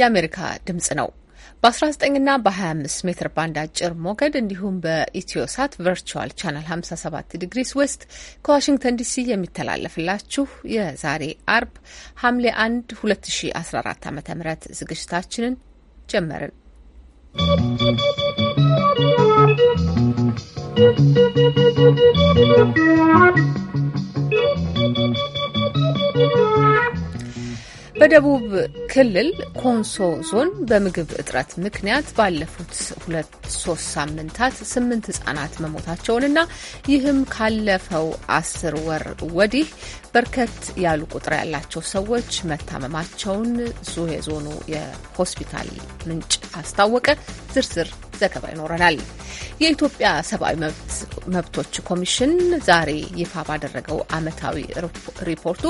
የአሜሪካ ድምጽ ነው። በ19 ና በ25 ሜትር ባንድ አጭር ሞገድ እንዲሁም በኢትዮሳት ቨርቹዋል ቻናል 57 ዲግሪስ ዌስት ከዋሽንግተን ዲሲ የሚተላለፍላችሁ የዛሬ አርብ ሐምሌ 1 2014 ዓ ም ዝግጅታችንን ጀመርን። ¶¶ በደቡብ ክልል ኮንሶ ዞን በምግብ እጥረት ምክንያት ባለፉት ሁለት ሶስት ሳምንታት ስምንት ህጻናት መሞታቸውንና ይህም ካለፈው አስር ወር ወዲህ በርከት ያሉ ቁጥር ያላቸው ሰዎች መታመማቸውን የዞኑ የሆስፒታል ምንጭ አስታወቀ። ዝርዝር ዘገባ ይኖረናል። የኢትዮጵያ ሰብአዊ መብቶች ኮሚሽን ዛሬ ይፋ ባደረገው ዓመታዊ ሪፖርቱ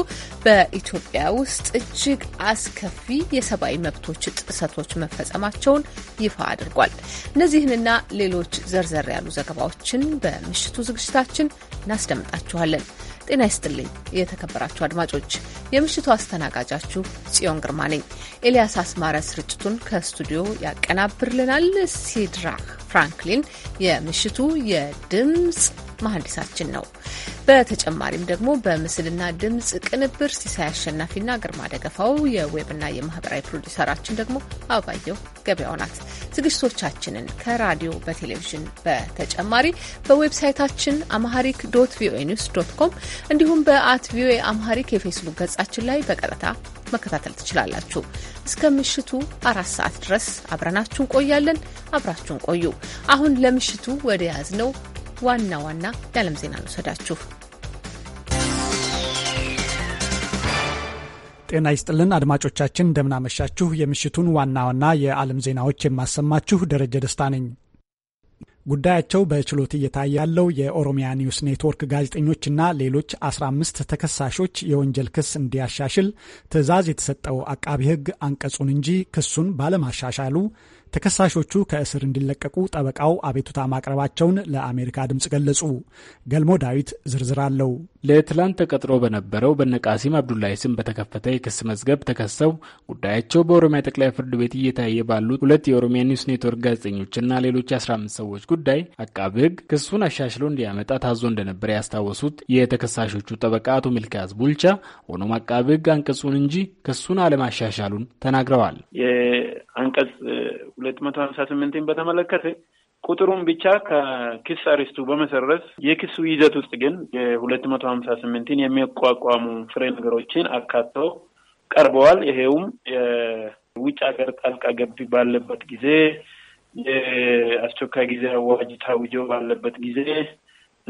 በኢትዮጵያ ውስጥ እጅግ አስከፊ የሰብአዊ መብቶች ጥሰቶች መፈጸማቸውን ይፋ አድርጓል። እነዚህንና ሌሎች ዘርዘር ያሉ ዘገባዎችን በምሽቱ ዝግጅታችን እናስደምጣችኋለን። ጤና ይስጥልኝ የተከበራችሁ አድማጮች፣ የምሽቱ አስተናጋጃችሁ ጽዮን ግርማ ነኝ። ኤልያስ አስማረ ስርጭቱን ከስቱዲዮ ያቀናብርልናል። ሲድራክ ፍራንክሊን የምሽቱ የድምፅ መሐንዲሳችን ነው። በተጨማሪም ደግሞ በምስልና ድምፅ ቅንብር ሲሳይ አሸናፊና ግርማ ደገፋው፣ የዌብና የማህበራዊ ፕሮዲውሰራችን ደግሞ አባየው ገበያው ናት። ዝግጅቶቻችንን ከራዲዮ በቴሌቪዥን በተጨማሪ በዌብሳይታችን አምሃሪክ ዶት ቪኦኤ ኒውስ ዶት ኮም እንዲሁም በአት ቪኦኤ አምሃሪክ የፌስቡክ ገጻችን ላይ በቀጥታ መከታተል ትችላላችሁ። እስከ ምሽቱ አራት ሰዓት ድረስ አብረናችሁ እንቆያለን። አብራችሁን ቆዩ። አሁን ለምሽቱ ወደ ያዝነው ዋና ዋና የዓለም ዜና እንውሰዳችሁ። ጤና ይስጥልን አድማጮቻችን፣ እንደምናመሻችሁ። የምሽቱን ዋና ዋና የዓለም ዜናዎች የማሰማችሁ ደረጀ ደስታ ነኝ። ጉዳያቸው በችሎት እየታየ ያለው የኦሮሚያ ኒውስ ኔትወርክ ጋዜጠኞችና ሌሎች 15 ተከሳሾች የወንጀል ክስ እንዲያሻሽል ትዕዛዝ የተሰጠው አቃቢ ሕግ አንቀጹን እንጂ ክሱን ባለማሻሻሉ ተከሳሾቹ ከእስር እንዲለቀቁ ጠበቃው አቤቱታ ማቅረባቸውን ለአሜሪካ ድምፅ ገለጹ። ገልሞ ዳዊት ዝርዝር አለው። ለትላንት ተቀጥሮ በነበረው በነቃሲም አብዱላይ ስም በተከፈተ የክስ መዝገብ ተከሰው ጉዳያቸው በኦሮሚያ ጠቅላይ ፍርድ ቤት እየታየ ባሉ ሁለት የኦሮሚያ ኒውስ ኔትወርክ ጋዜጠኞችና ሌሎች 15 ሰዎች ጉዳይ አቃቢ ሕግ ክሱን አሻሽሎ እንዲያመጣ ታዞ እንደነበረ ያስታወሱት የተከሳሾቹ ጠበቃ አቶ ሚልኪያስ ቡልቻ ሆኖም አቃቢ ሕግ አንቀጹን እንጂ ክሱን አለማሻሻሉን ተናግረዋል። አንቀጽ ሁለት መቶ ሀምሳ ስምንትን በተመለከተ ቁጥሩን ብቻ ከክስ አሪስቱ በመሰረት የክሱ ይዘት ውስጥ ግን የሁለት መቶ ሀምሳ ስምንትን የሚያቋቋሙ ፍሬ ነገሮችን አካተው ቀርበዋል። ይሄውም የውጭ ሀገር ጣልቃ ገብ ባለበት ጊዜ፣ የአስቸኳይ ጊዜ አዋጅ ታውጆ ባለበት ጊዜ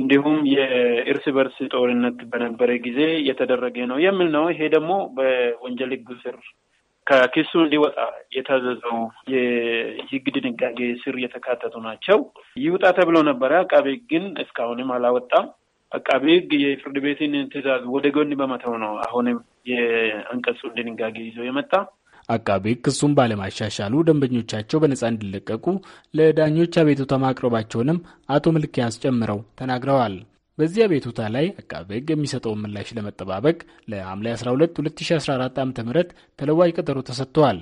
እንዲሁም የእርስ በርስ ጦርነት በነበረ ጊዜ የተደረገ ነው የሚል ነው። ይሄ ደግሞ በወንጀል ሕጉ ስር ከኪሱ እንዲወጣ የታዘዘው የህግ ድንጋጌ ስር የተካተቱ ናቸው። ይውጣ ተብሎ ነበረ። አቃቤ ህግ ግን እስካሁንም አላወጣም። አቃቤ ህግ የፍርድ ቤትን ትእዛዝ ወደ ጎን በመተው ነው አሁንም የአንቀጹን ድንጋጌ ይዞ የመጣ አቃቤ ህግ ክሱን ባለማሻሻሉ ደንበኞቻቸው በነጻ እንዲለቀቁ ለዳኞች አቤቱታ ማቅረባቸውንም አቶ ምልኪያስ ጨምረው ተናግረዋል። በዚያ ቤቱታ ላይ አቃቤ ሕግ የሚሰጠውን ምላሽ ለመጠባበቅ ለሐምሌ 12 2014 ዓ ም ተለዋጭ ቀጠሮ ተሰጥተዋል።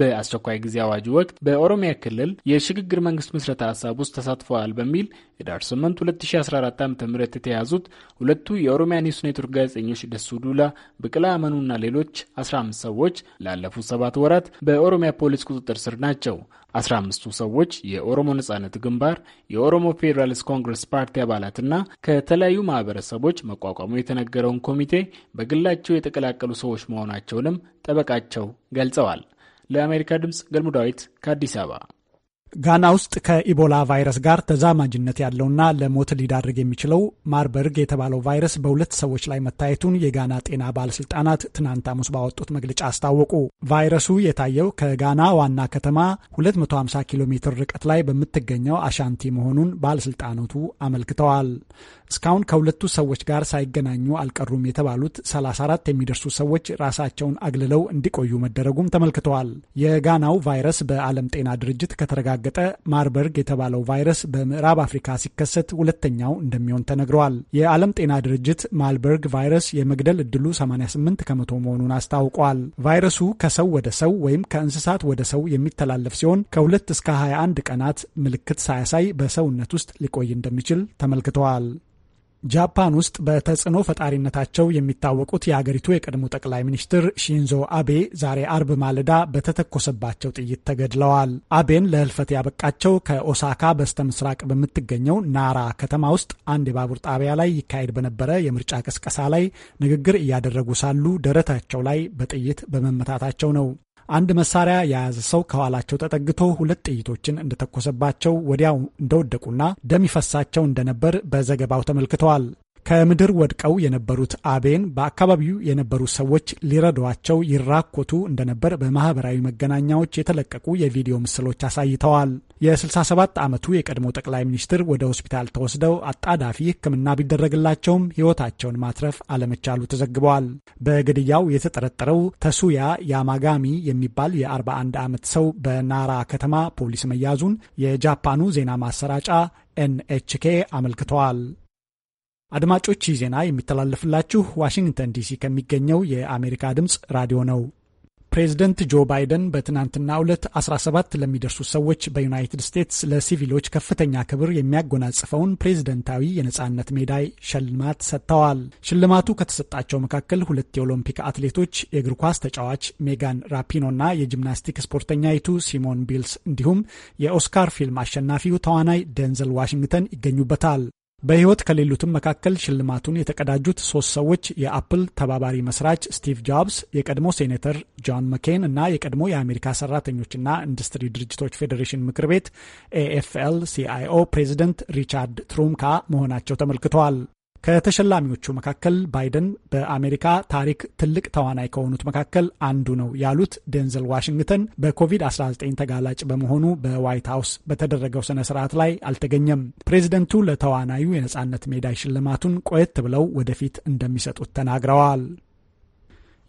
በአስቸኳይ ጊዜ አዋጅ ወቅት በኦሮሚያ ክልል የሽግግር መንግስት ምስረታ ሀሳብ ውስጥ ተሳትፈዋል በሚል ህዳር 8 2014 ዓ ም የተያዙት ሁለቱ የኦሮሚያ ኒውስ ኔትወርክ ጋዜጠኞች ደሱ ዱላ፣ ብቅላ አመኑና ሌሎች 15 ሰዎች ላለፉት ሰባት ወራት በኦሮሚያ ፖሊስ ቁጥጥር ስር ናቸው። 15ቱ ሰዎች የኦሮሞ ነጻነት ግንባር፣ የኦሮሞ ፌዴራልስ ኮንግረስ ፓርቲ አባላትና ከተለያዩ ማህበረሰቦች መቋቋሙ የተነገረውን ኮሚቴ በግላቸው የተቀላቀሉ ሰዎች መሆናቸውንም ጠበቃቸው ገልጸዋል። ለአሜሪካ ድምፅ ገልሙ ዳዊት ከአዲስ አበባ ጋና ውስጥ ከኢቦላ ቫይረስ ጋር ተዛማጅነት ያለውና ለሞት ሊዳርግ የሚችለው ማርበርግ የተባለው ቫይረስ በሁለት ሰዎች ላይ መታየቱን የጋና ጤና ባለስልጣናት ትናንት አሙስ ባወጡት መግለጫ አስታወቁ። ቫይረሱ የታየው ከጋና ዋና ከተማ 250 ኪሎ ሜትር ርቀት ላይ በምትገኘው አሻንቲ መሆኑን ባለስልጣናቱ አመልክተዋል። እስካሁን ከሁለቱ ሰዎች ጋር ሳይገናኙ አልቀሩም የተባሉት 34 የሚደርሱ ሰዎች ራሳቸውን አግልለው እንዲቆዩ መደረጉም ተመልክተዋል። የጋናው ቫይረስ በዓለም ጤና ድርጅት ከተረጋ የተረጋገጠ ማርበርግ የተባለው ቫይረስ በምዕራብ አፍሪካ ሲከሰት ሁለተኛው እንደሚሆን ተነግረዋል። የዓለም ጤና ድርጅት ማርበርግ ቫይረስ የመግደል እድሉ 88 ከመቶ መሆኑን አስታውቋል። ቫይረሱ ከሰው ወደ ሰው ወይም ከእንስሳት ወደ ሰው የሚተላለፍ ሲሆን ከሁለት እስከ 21 ቀናት ምልክት ሳያሳይ በሰውነት ውስጥ ሊቆይ እንደሚችል ተመልክተዋል። ጃፓን ውስጥ በተጽዕኖ ፈጣሪነታቸው የሚታወቁት የአገሪቱ የቀድሞ ጠቅላይ ሚኒስትር ሺንዞ አቤ ዛሬ አርብ ማለዳ በተተኮሰባቸው ጥይት ተገድለዋል። አቤን ለህልፈት ያበቃቸው ከኦሳካ በስተ ምስራቅ በምትገኘው ናራ ከተማ ውስጥ አንድ የባቡር ጣቢያ ላይ ይካሄድ በነበረ የምርጫ ቅስቀሳ ላይ ንግግር እያደረጉ ሳሉ ደረታቸው ላይ በጥይት በመመታታቸው ነው። አንድ መሳሪያ የያዘ ሰው ከኋላቸው ተጠግቶ ሁለት ጥይቶችን እንደተኮሰባቸው ወዲያው እንደወደቁና ደም ይፈሳቸው እንደነበር በዘገባው ተመልክተዋል። ከምድር ወድቀው የነበሩት አቤን በአካባቢው የነበሩ ሰዎች ሊረዷቸው ይራኮቱ እንደነበር በማህበራዊ መገናኛዎች የተለቀቁ የቪዲዮ ምስሎች አሳይተዋል። የ67 ዓመቱ የቀድሞ ጠቅላይ ሚኒስትር ወደ ሆስፒታል ተወስደው አጣዳፊ ሕክምና ቢደረግላቸውም ሕይወታቸውን ማትረፍ አለመቻሉ ተዘግበዋል። በግድያው የተጠረጠረው ተሱያ ያማጋሚ የሚባል የ41 ዓመት ሰው በናራ ከተማ ፖሊስ መያዙን የጃፓኑ ዜና ማሰራጫ ኤንኤችኬ አመልክተዋል። አድማጮች ይህ ዜና የሚተላለፍላችሁ ዋሽንግተን ዲሲ ከሚገኘው የአሜሪካ ድምፅ ራዲዮ ነው። ፕሬዚደንት ጆ ባይደን በትናንትናው ዕለት 17 ለሚደርሱ ሰዎች በዩናይትድ ስቴትስ ለሲቪሎች ከፍተኛ ክብር የሚያጎናጽፈውን ፕሬዝደንታዊ የነፃነት ሜዳይ ሽልማት ሰጥተዋል። ሽልማቱ ከተሰጣቸው መካከል ሁለት የኦሎምፒክ አትሌቶች የእግር ኳስ ተጫዋች ሜጋን ራፒኖና የጂምናስቲክ ስፖርተኛይቱ ሲሞን ቢልስ እንዲሁም የኦስካር ፊልም አሸናፊው ተዋናይ ደንዘል ዋሽንግተን ይገኙበታል። በሕይወት ከሌሉትም መካከል ሽልማቱን የተቀዳጁት ሶስት ሰዎች የአፕል ተባባሪ መስራች ስቲቭ ጆብስ፣ የቀድሞ ሴኔተር ጆን መኬን እና የቀድሞ የአሜሪካ ሰራተኞችና ኢንዱስትሪ ድርጅቶች ፌዴሬሽን ምክር ቤት ኤኤፍኤል ሲአይኦ ፕሬዚደንት ሪቻርድ ትሩምካ መሆናቸው ተመልክተዋል። ከተሸላሚዎቹ መካከል ባይደን በአሜሪካ ታሪክ ትልቅ ተዋናይ ከሆኑት መካከል አንዱ ነው ያሉት ዴንዘል ዋሽንግተን በኮቪድ-19 ተጋላጭ በመሆኑ በዋይት ሀውስ በተደረገው ስነ ስርዓት ላይ አልተገኘም። ፕሬዚደንቱ ለተዋናዩ የነጻነት ሜዳይ ሽልማቱን ቆየት ብለው ወደፊት እንደሚሰጡት ተናግረዋል።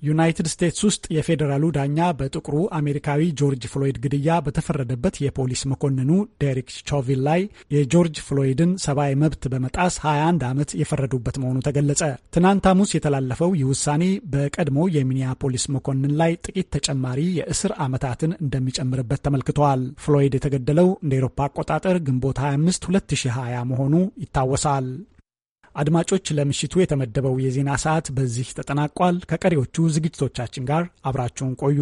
ዩናይትድ ስቴትስ ውስጥ የፌዴራሉ ዳኛ በጥቁሩ አሜሪካዊ ጆርጅ ፍሎይድ ግድያ በተፈረደበት የፖሊስ መኮንኑ ዴሪክ ቾቪል ላይ የጆርጅ ፍሎይድን ሰብአዊ መብት በመጣስ 21 ዓመት የፈረዱበት መሆኑ ተገለጸ። ትናንት ሐሙስ የተላለፈው ይህ ውሳኔ በቀድሞ የሚኒያፖሊስ መኮንን ላይ ጥቂት ተጨማሪ የእስር ዓመታትን እንደሚጨምርበት ተመልክተዋል። ፍሎይድ የተገደለው እንደ ኤሮፓ አቆጣጠር ግንቦት 25 2020 መሆኑ ይታወሳል። አድማጮች፣ ለምሽቱ የተመደበው የዜና ሰዓት በዚህ ተጠናቋል። ከቀሪዎቹ ዝግጅቶቻችን ጋር አብራችሁን ቆዩ።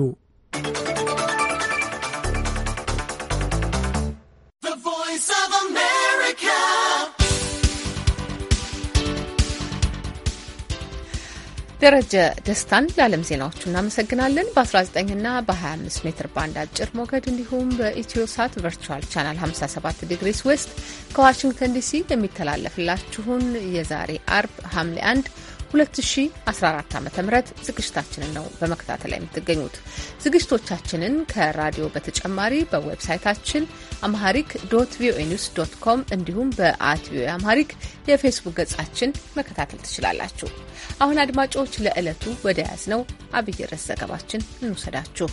ደረጀ ደስታን ለዓለም ዜናዎቹ እናመሰግናለን። በ19 እና በ25 ሜትር ባንድ አጭር ሞገድ እንዲሁም በኢትዮ ሳት ቨርቹዋል ቻናል 57 ዲግሪስ ዌስት ከዋሽንግተን ዲሲ የሚተላለፍላችሁን የዛሬ አርብ ሐምሌ 1 2014 ዓ ም ዝግጅታችንን ነው በመከታተል ላይ የምትገኙት። ዝግጅቶቻችንን ከራዲዮ በተጨማሪ በዌብሳይታችን አምሃሪክ ዶት ቪኦኤ ኒውስ ዶት ኮም እንዲሁም በአት ቪኦኤ አምሃሪክ የፌስቡክ ገጻችን መከታተል ትችላላችሁ። አሁን አድማጮች ለዕለቱ ወደ ያዝ ነው አብይ ርዕስ ዘገባችን እንውሰዳችሁ።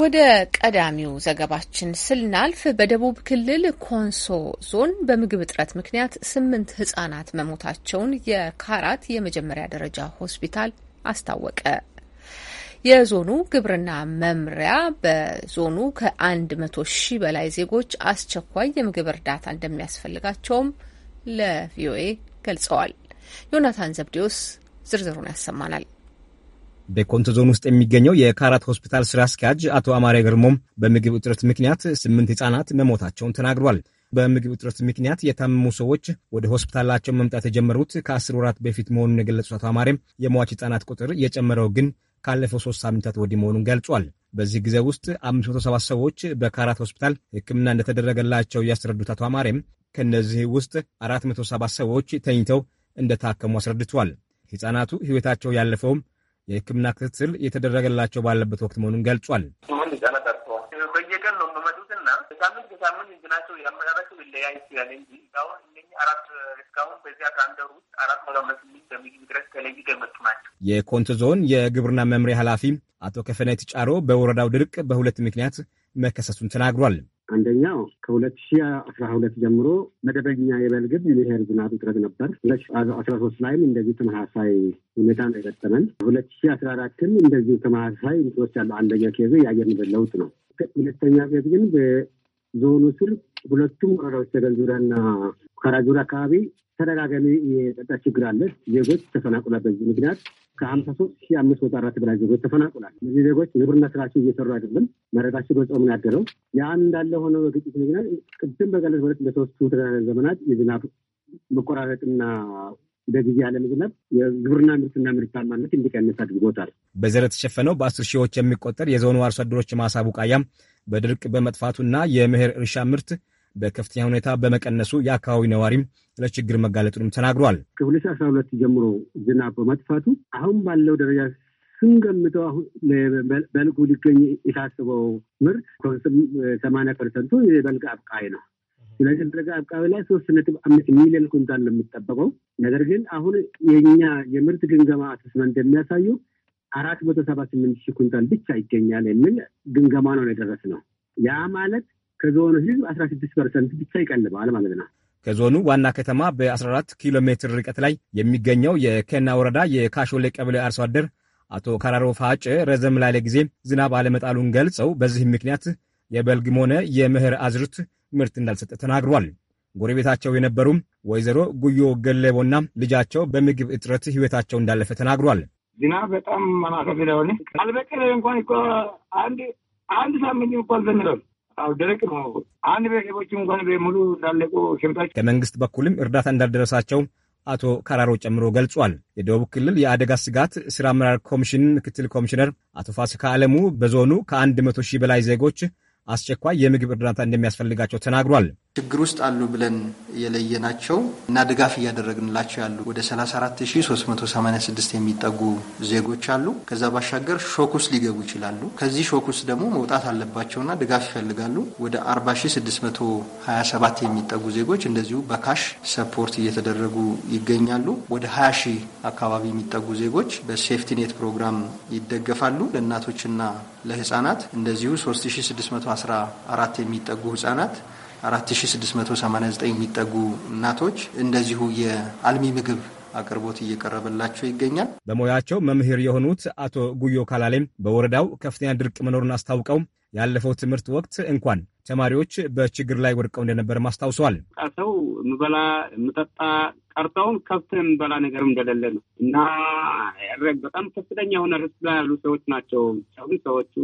ወደ ቀዳሚው ዘገባችን ስናልፍ በደቡብ ክልል ኮንሶ ዞን በምግብ እጥረት ምክንያት ስምንት ህጻናት መሞታቸውን የካራት የመጀመሪያ ደረጃ ሆስፒታል አስታወቀ። የዞኑ ግብርና መምሪያ በዞኑ ከአንድ መቶ ሺህ በላይ ዜጎች አስቸኳይ የምግብ እርዳታ እንደሚያስፈልጋቸውም ለቪኦኤ ገልጸዋል። ዮናታን ዘብዴዎስ ዝርዝሩን ያሰማናል። በኮንቶ ዞን ውስጥ የሚገኘው የካራት ሆስፒታል ስራ አስኪያጅ አቶ አማሬ ገርሞም በምግብ እጥረት ምክንያት ስምንት ህጻናት መሞታቸውን ተናግሯል። በምግብ እጥረት ምክንያት የታመሙ ሰዎች ወደ ሆስፒታላቸው መምጣት የጀመሩት ከአስር ወራት በፊት መሆኑን የገለጹት አቶ አማሬም የሟች ህጻናት ቁጥር የጨመረው ግን ካለፈው ሶስት ሳምንታት ወዲህ መሆኑን ገልጿል። በዚህ ጊዜ ውስጥ ሰባት ሰዎች በካራት ሆስፒታል ሕክምና እንደተደረገላቸው ያስረዱት አቶ አማሬም ከእነዚህ ውስጥ ሰባት ሰዎች ተኝተው እንደታከሙ አስረድቷል። ህጻናቱ ህይወታቸው ያለፈውም የሕክምና ክትትል እየተደረገላቸው ባለበት ወቅት መሆኑን ገልጿል። በየቀን ነው የምመጡትና ሳምንት ከሳምንት እንትናቸው ይችላል እንጂ አሁን የኮንቶ ዞን የግብርና መምሪያ ኃላፊ አቶ ከፈነት ጫሮ በወረዳው ድርቅ በሁለት ምክንያት መከሰሱን ተናግሯል። አንደኛው ከሁለት ሺ አስራ ሁለት ጀምሮ መደበኛ የበልግብ የሚሄር ዝናብ እጥረት ነበር። ሁለት አስራ ሶስት ላይም እንደዚህ ተመሳሳይ ሁኔታ ነው የገጠመን። ሁለት ሺ አስራ አራትም እንደዚሁ ተመሳሳይ እንትኖች አሉ። አንደኛ ኬዝ የአየር ንብረት ለውጥ ነው። ሁለተኛ ኬዝ ግን በዞኑ ስር ሁለቱም ወረዳዎች ሰገን ዙሪያና ካራ ዙሪያ አካባቢ ተደጋጋሚ የጸጥታ ችግር አለ። ዜጎች ተፈናቅሏል። በዚህ ምክንያት ከሀምሳ ሶስት ሺ አምስት መቶ አራት በላይ ዜጎች ተፈናቅሏል። እነዚህ ዜጎች ግብርና ስራቸው እየሰሩ አይደለም። መሬታቸው በጾም ነው ያደረው። ያ እንዳለ ሆነው በግጭት ምክንያት ቅድም በገለጽ ሁለት እንደተወሱ ዘመናት የዝናብ መቆራረጥና በጊዜ አለመዝናብ የግብርና ምርትና ምርታማነት እንዲቀንስ አድርጎታል። በዘር የተሸፈነው በአስር ሺዎች የሚቆጠር የዞኑ አርሶ አደሮች ማሳ ቡቃያ በድርቅ በመጥፋቱና የምህር እርሻ ምርት በከፍተኛ ሁኔታ በመቀነሱ የአካባቢ ነዋሪም ለችግር መጋለጡንም ተናግሯል። ከ አስራ ሁለት ጀምሮ ዝናብ በመጥፋቱ አሁን ባለው ደረጃ ስንገምተው አሁን በልጉ ሊገኝ የታስበው ምርት ሰማንያ ፐርሰንቱ የበልግ አብቃይ ነው። ስለጨልጥረጋ አካባቢ ላይ ሶስት ነጥብ አምስት ሚሊዮን ኩንታል ነው የሚጠበቀው። ነገር ግን አሁን የኛ የምርት ግምገማ አሰስመ እንደሚያሳዩ አራት መቶ ሰባ ስምንት ሺህ ኩንታል ብቻ ይገኛል የሚል ግምገማ ነው የደረስ ነው። ያ ማለት ከዞኑ ህዝብ አስራ ስድስት ፐርሰንት ብቻ ይቀልበዋል ማለት ነው። ከዞኑ ዋና ከተማ በ14 ኪሎ ሜትር ርቀት ላይ የሚገኘው የኬና ወረዳ የካሾሌ ቀበሌ አርሶ አደር አቶ ከራሮ ፋጭ ረዘም ላለ ጊዜ ዝናብ አለመጣሉን ገልጸው በዚህም ምክንያት የበልግም ሆነ የምህር አዝርት ምርት እንዳልሰጠ ተናግሯል። ጎረቤታቸው የነበሩ ወይዘሮ ጉዮ ገለቦና ልጃቸው በምግብ እጥረት ህይወታቸው እንዳለፈ ተናግሯል። ዝናብ በጣም ማናከፍ ስለሆነ አልበቀለ እንኳን እኮ አንድ አንድ ሳምንት እኮ አልዘነበም። ደረቅ ነው። አንድ ቤተሰቦች እንኳን ሙሉ እንዳለቁ ሽምታች ከመንግስት በኩልም እርዳታ እንዳልደረሳቸው አቶ ከራሮ ጨምሮ ገልጿል። የደቡብ ክልል የአደጋ ስጋት ስራ አመራር ኮሚሽን ምክትል ኮሚሽነር አቶ ፋሲካ አለሙ በዞኑ ከአንድ መቶ ሺህ በላይ ዜጎች አስቸኳይ የምግብ እርዳታ እንደሚያስፈልጋቸው ተናግሯል። ችግር ውስጥ አሉ ብለን የለየናቸው እና ድጋፍ እያደረግንላቸው ያሉ ወደ 34386 የሚጠጉ ዜጎች አሉ። ከዛ ባሻገር ሾክ ውስጥ ሊገቡ ይችላሉ። ከዚህ ሾክ ውስጥ ደግሞ መውጣት አለባቸውና ድጋፍ ይፈልጋሉ። ወደ 40627 የሚጠጉ ዜጎች እንደዚሁ በካሽ ሰፖርት እየተደረጉ ይገኛሉ። ወደ 20 ሺህ አካባቢ የሚጠጉ ዜጎች በሴፍቲኔት ፕሮግራም ይደገፋሉ። ለእናቶችና ለህጻናት እንደዚሁ 3614 የሚጠጉ ህጻናት 4689 የሚጠጉ እናቶች እንደዚሁ የአልሚ ምግብ አቅርቦት እየቀረበላቸው ይገኛል። በሙያቸው መምህር የሆኑት አቶ ጉዮ ካላሌም በወረዳው ከፍተኛ ድርቅ መኖሩን አስታውቀው ያለፈው ትምህርት ወቅት እንኳን ተማሪዎች በችግር ላይ ወድቀው እንደነበር ማስታውሰዋል። ሰው ምበላ ምጠጣ ቀርተውም ከብትን በላ ነገርም እንደሌለ ነው እና በጣም ከፍተኛ የሆነ ርስ ላይ ያሉ ሰዎች ናቸው። ሰዎቹ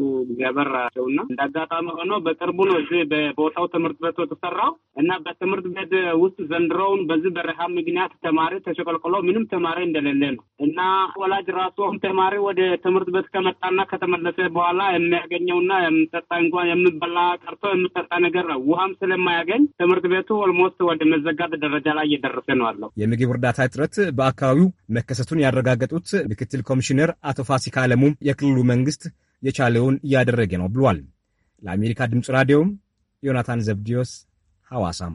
ገበራቸው እና እንደ አጋጣሚ ሆኖ በቅርቡ ነው እዚህ በቦታው ትምህርት ቤቱ የተሰራው እና በትምህርት ቤት ውስጥ ዘንድሮውን በዚህ በረሃ ምክንያት ተማሪ ተሸቀልቅሎ ምንም ተማሪ እንደሌለ ነው እና ወላጅ ራሱ አሁን ተማሪ ወደ ትምህርት ቤት ከመጣና ከተመለሰ በኋላ የሚያገኘውና የምጠጣ እንኳን የምበላ ቀርቶ የምጠጣ ነገር ነው። ውሃም ስለማያገኝ ትምህርት ቤቱ ኦልሞስት ወደ መዘጋት ደረጃ ላይ እየደረሰ ነው አለው። የምግብ እርዳታ እጥረት በአካባቢው መከሰቱን ያረጋገጡት ምክትል ኮሚሽነር አቶ ፋሲካ አለሙ የክልሉ መንግስት የቻለውን እያደረገ ነው ብሏል። ለአሜሪካ ድምፅ ራዲዮ ዮናታን ዘብዲዮስ ሐዋሳም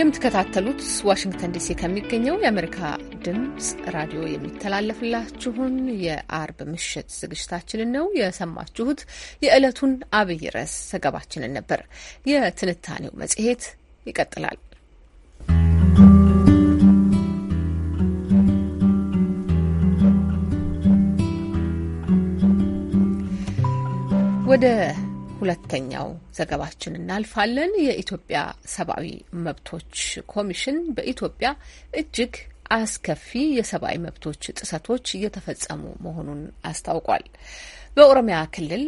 የምትከታተሉት ዋሽንግተን ዲሲ ከሚገኘው የአሜሪካ ድምፅ ራዲዮ የሚተላለፍላችሁን የአርብ ምሽት ዝግጅታችንን ነው የሰማችሁት። የዕለቱን አብይ ርዕስ ዘገባችንን ነበር። የትንታኔው መጽሔት ይቀጥላል። ወደ ሁለተኛው ዘገባችን እናልፋለን። የኢትዮጵያ ሰብአዊ መብቶች ኮሚሽን በኢትዮጵያ እጅግ አስከፊ የሰብአዊ መብቶች ጥሰቶች እየተፈጸሙ መሆኑን አስታውቋል። በኦሮሚያ ክልል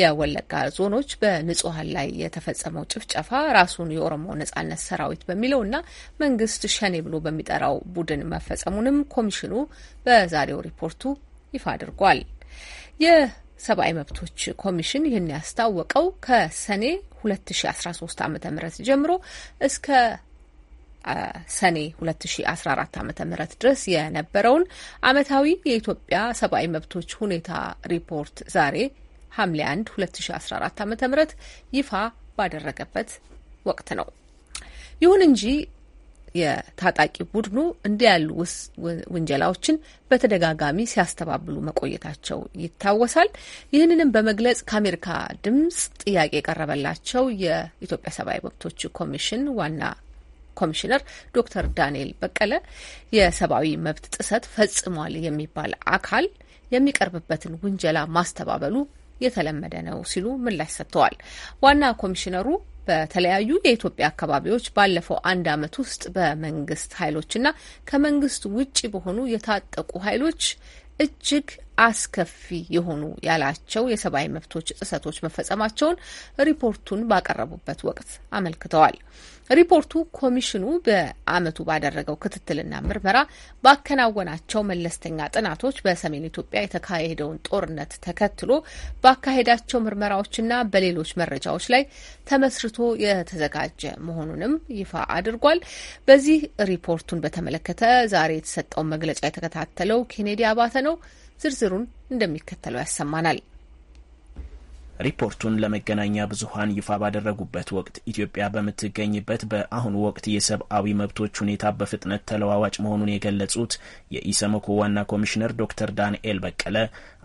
የወለጋ ዞኖች በንጹሀን ላይ የተፈጸመው ጭፍጨፋ ራሱን የኦሮሞ ነጻነት ሰራዊት በሚለውና መንግስት ሸኔ ብሎ በሚጠራው ቡድን መፈጸሙንም ኮሚሽኑ በዛሬው ሪፖርቱ ይፋ አድርጓል። ሰብአዊ መብቶች ኮሚሽን ይህን ያስታወቀው ከሰኔ 2013 ዓ ም ጀምሮ እስከ ሰኔ 2014 ዓ ም ድረስ የነበረውን አመታዊ የኢትዮጵያ ሰብአዊ መብቶች ሁኔታ ሪፖርት ዛሬ ሐምሌ 1 2014 ዓ ም ይፋ ባደረገበት ወቅት ነው። ይሁን እንጂ የታጣቂ ቡድኑ እንዲህ ያሉ ውንጀላዎችን በተደጋጋሚ ሲያስተባብሉ መቆየታቸው ይታወሳል። ይህንንም በመግለጽ ከአሜሪካ ድምጽ ጥያቄ የቀረበላቸው የኢትዮጵያ ሰብአዊ መብቶች ኮሚሽን ዋና ኮሚሽነር ዶክተር ዳንኤል በቀለ የሰብአዊ መብት ጥሰት ፈጽሟል የሚባል አካል የሚቀርብበትን ውንጀላ ማስተባበሉ የተለመደ ነው ሲሉ ምላሽ ሰጥተዋል። ዋና ኮሚሽነሩ በተለያዩ የኢትዮጵያ አካባቢዎች ባለፈው አንድ ዓመት ውስጥ በመንግስት ኃይሎችና ከመንግስት ውጭ በሆኑ የታጠቁ ኃይሎች እጅግ አስከፊ የሆኑ ያላቸው የሰብአዊ መብቶች ጥሰቶች መፈጸማቸውን ሪፖርቱን ባቀረቡበት ወቅት አመልክተዋል። ሪፖርቱ ኮሚሽኑ በአመቱ ባደረገው ክትትልና ምርመራ ባከናወናቸው መለስተኛ ጥናቶች በሰሜን ኢትዮጵያ የተካሄደውን ጦርነት ተከትሎ ባካሄዳቸው ምርመራዎችና በሌሎች መረጃዎች ላይ ተመስርቶ የተዘጋጀ መሆኑንም ይፋ አድርጓል። በዚህ ሪፖርቱን በተመለከተ ዛሬ የተሰጠውን መግለጫ የተከታተለው ኬኔዲ አባተ ነው። ዝርዝሩን እንደሚከተለው ያሰማናል። ሪፖርቱን ለመገናኛ ብዙሀን ይፋ ባደረጉበት ወቅት ኢትዮጵያ በምትገኝበት በአሁኑ ወቅት የሰብአዊ መብቶች ሁኔታ በፍጥነት ተለዋዋጭ መሆኑን የገለጹት የኢሰመኮ ዋና ኮሚሽነር ዶክተር ዳንኤል በቀለ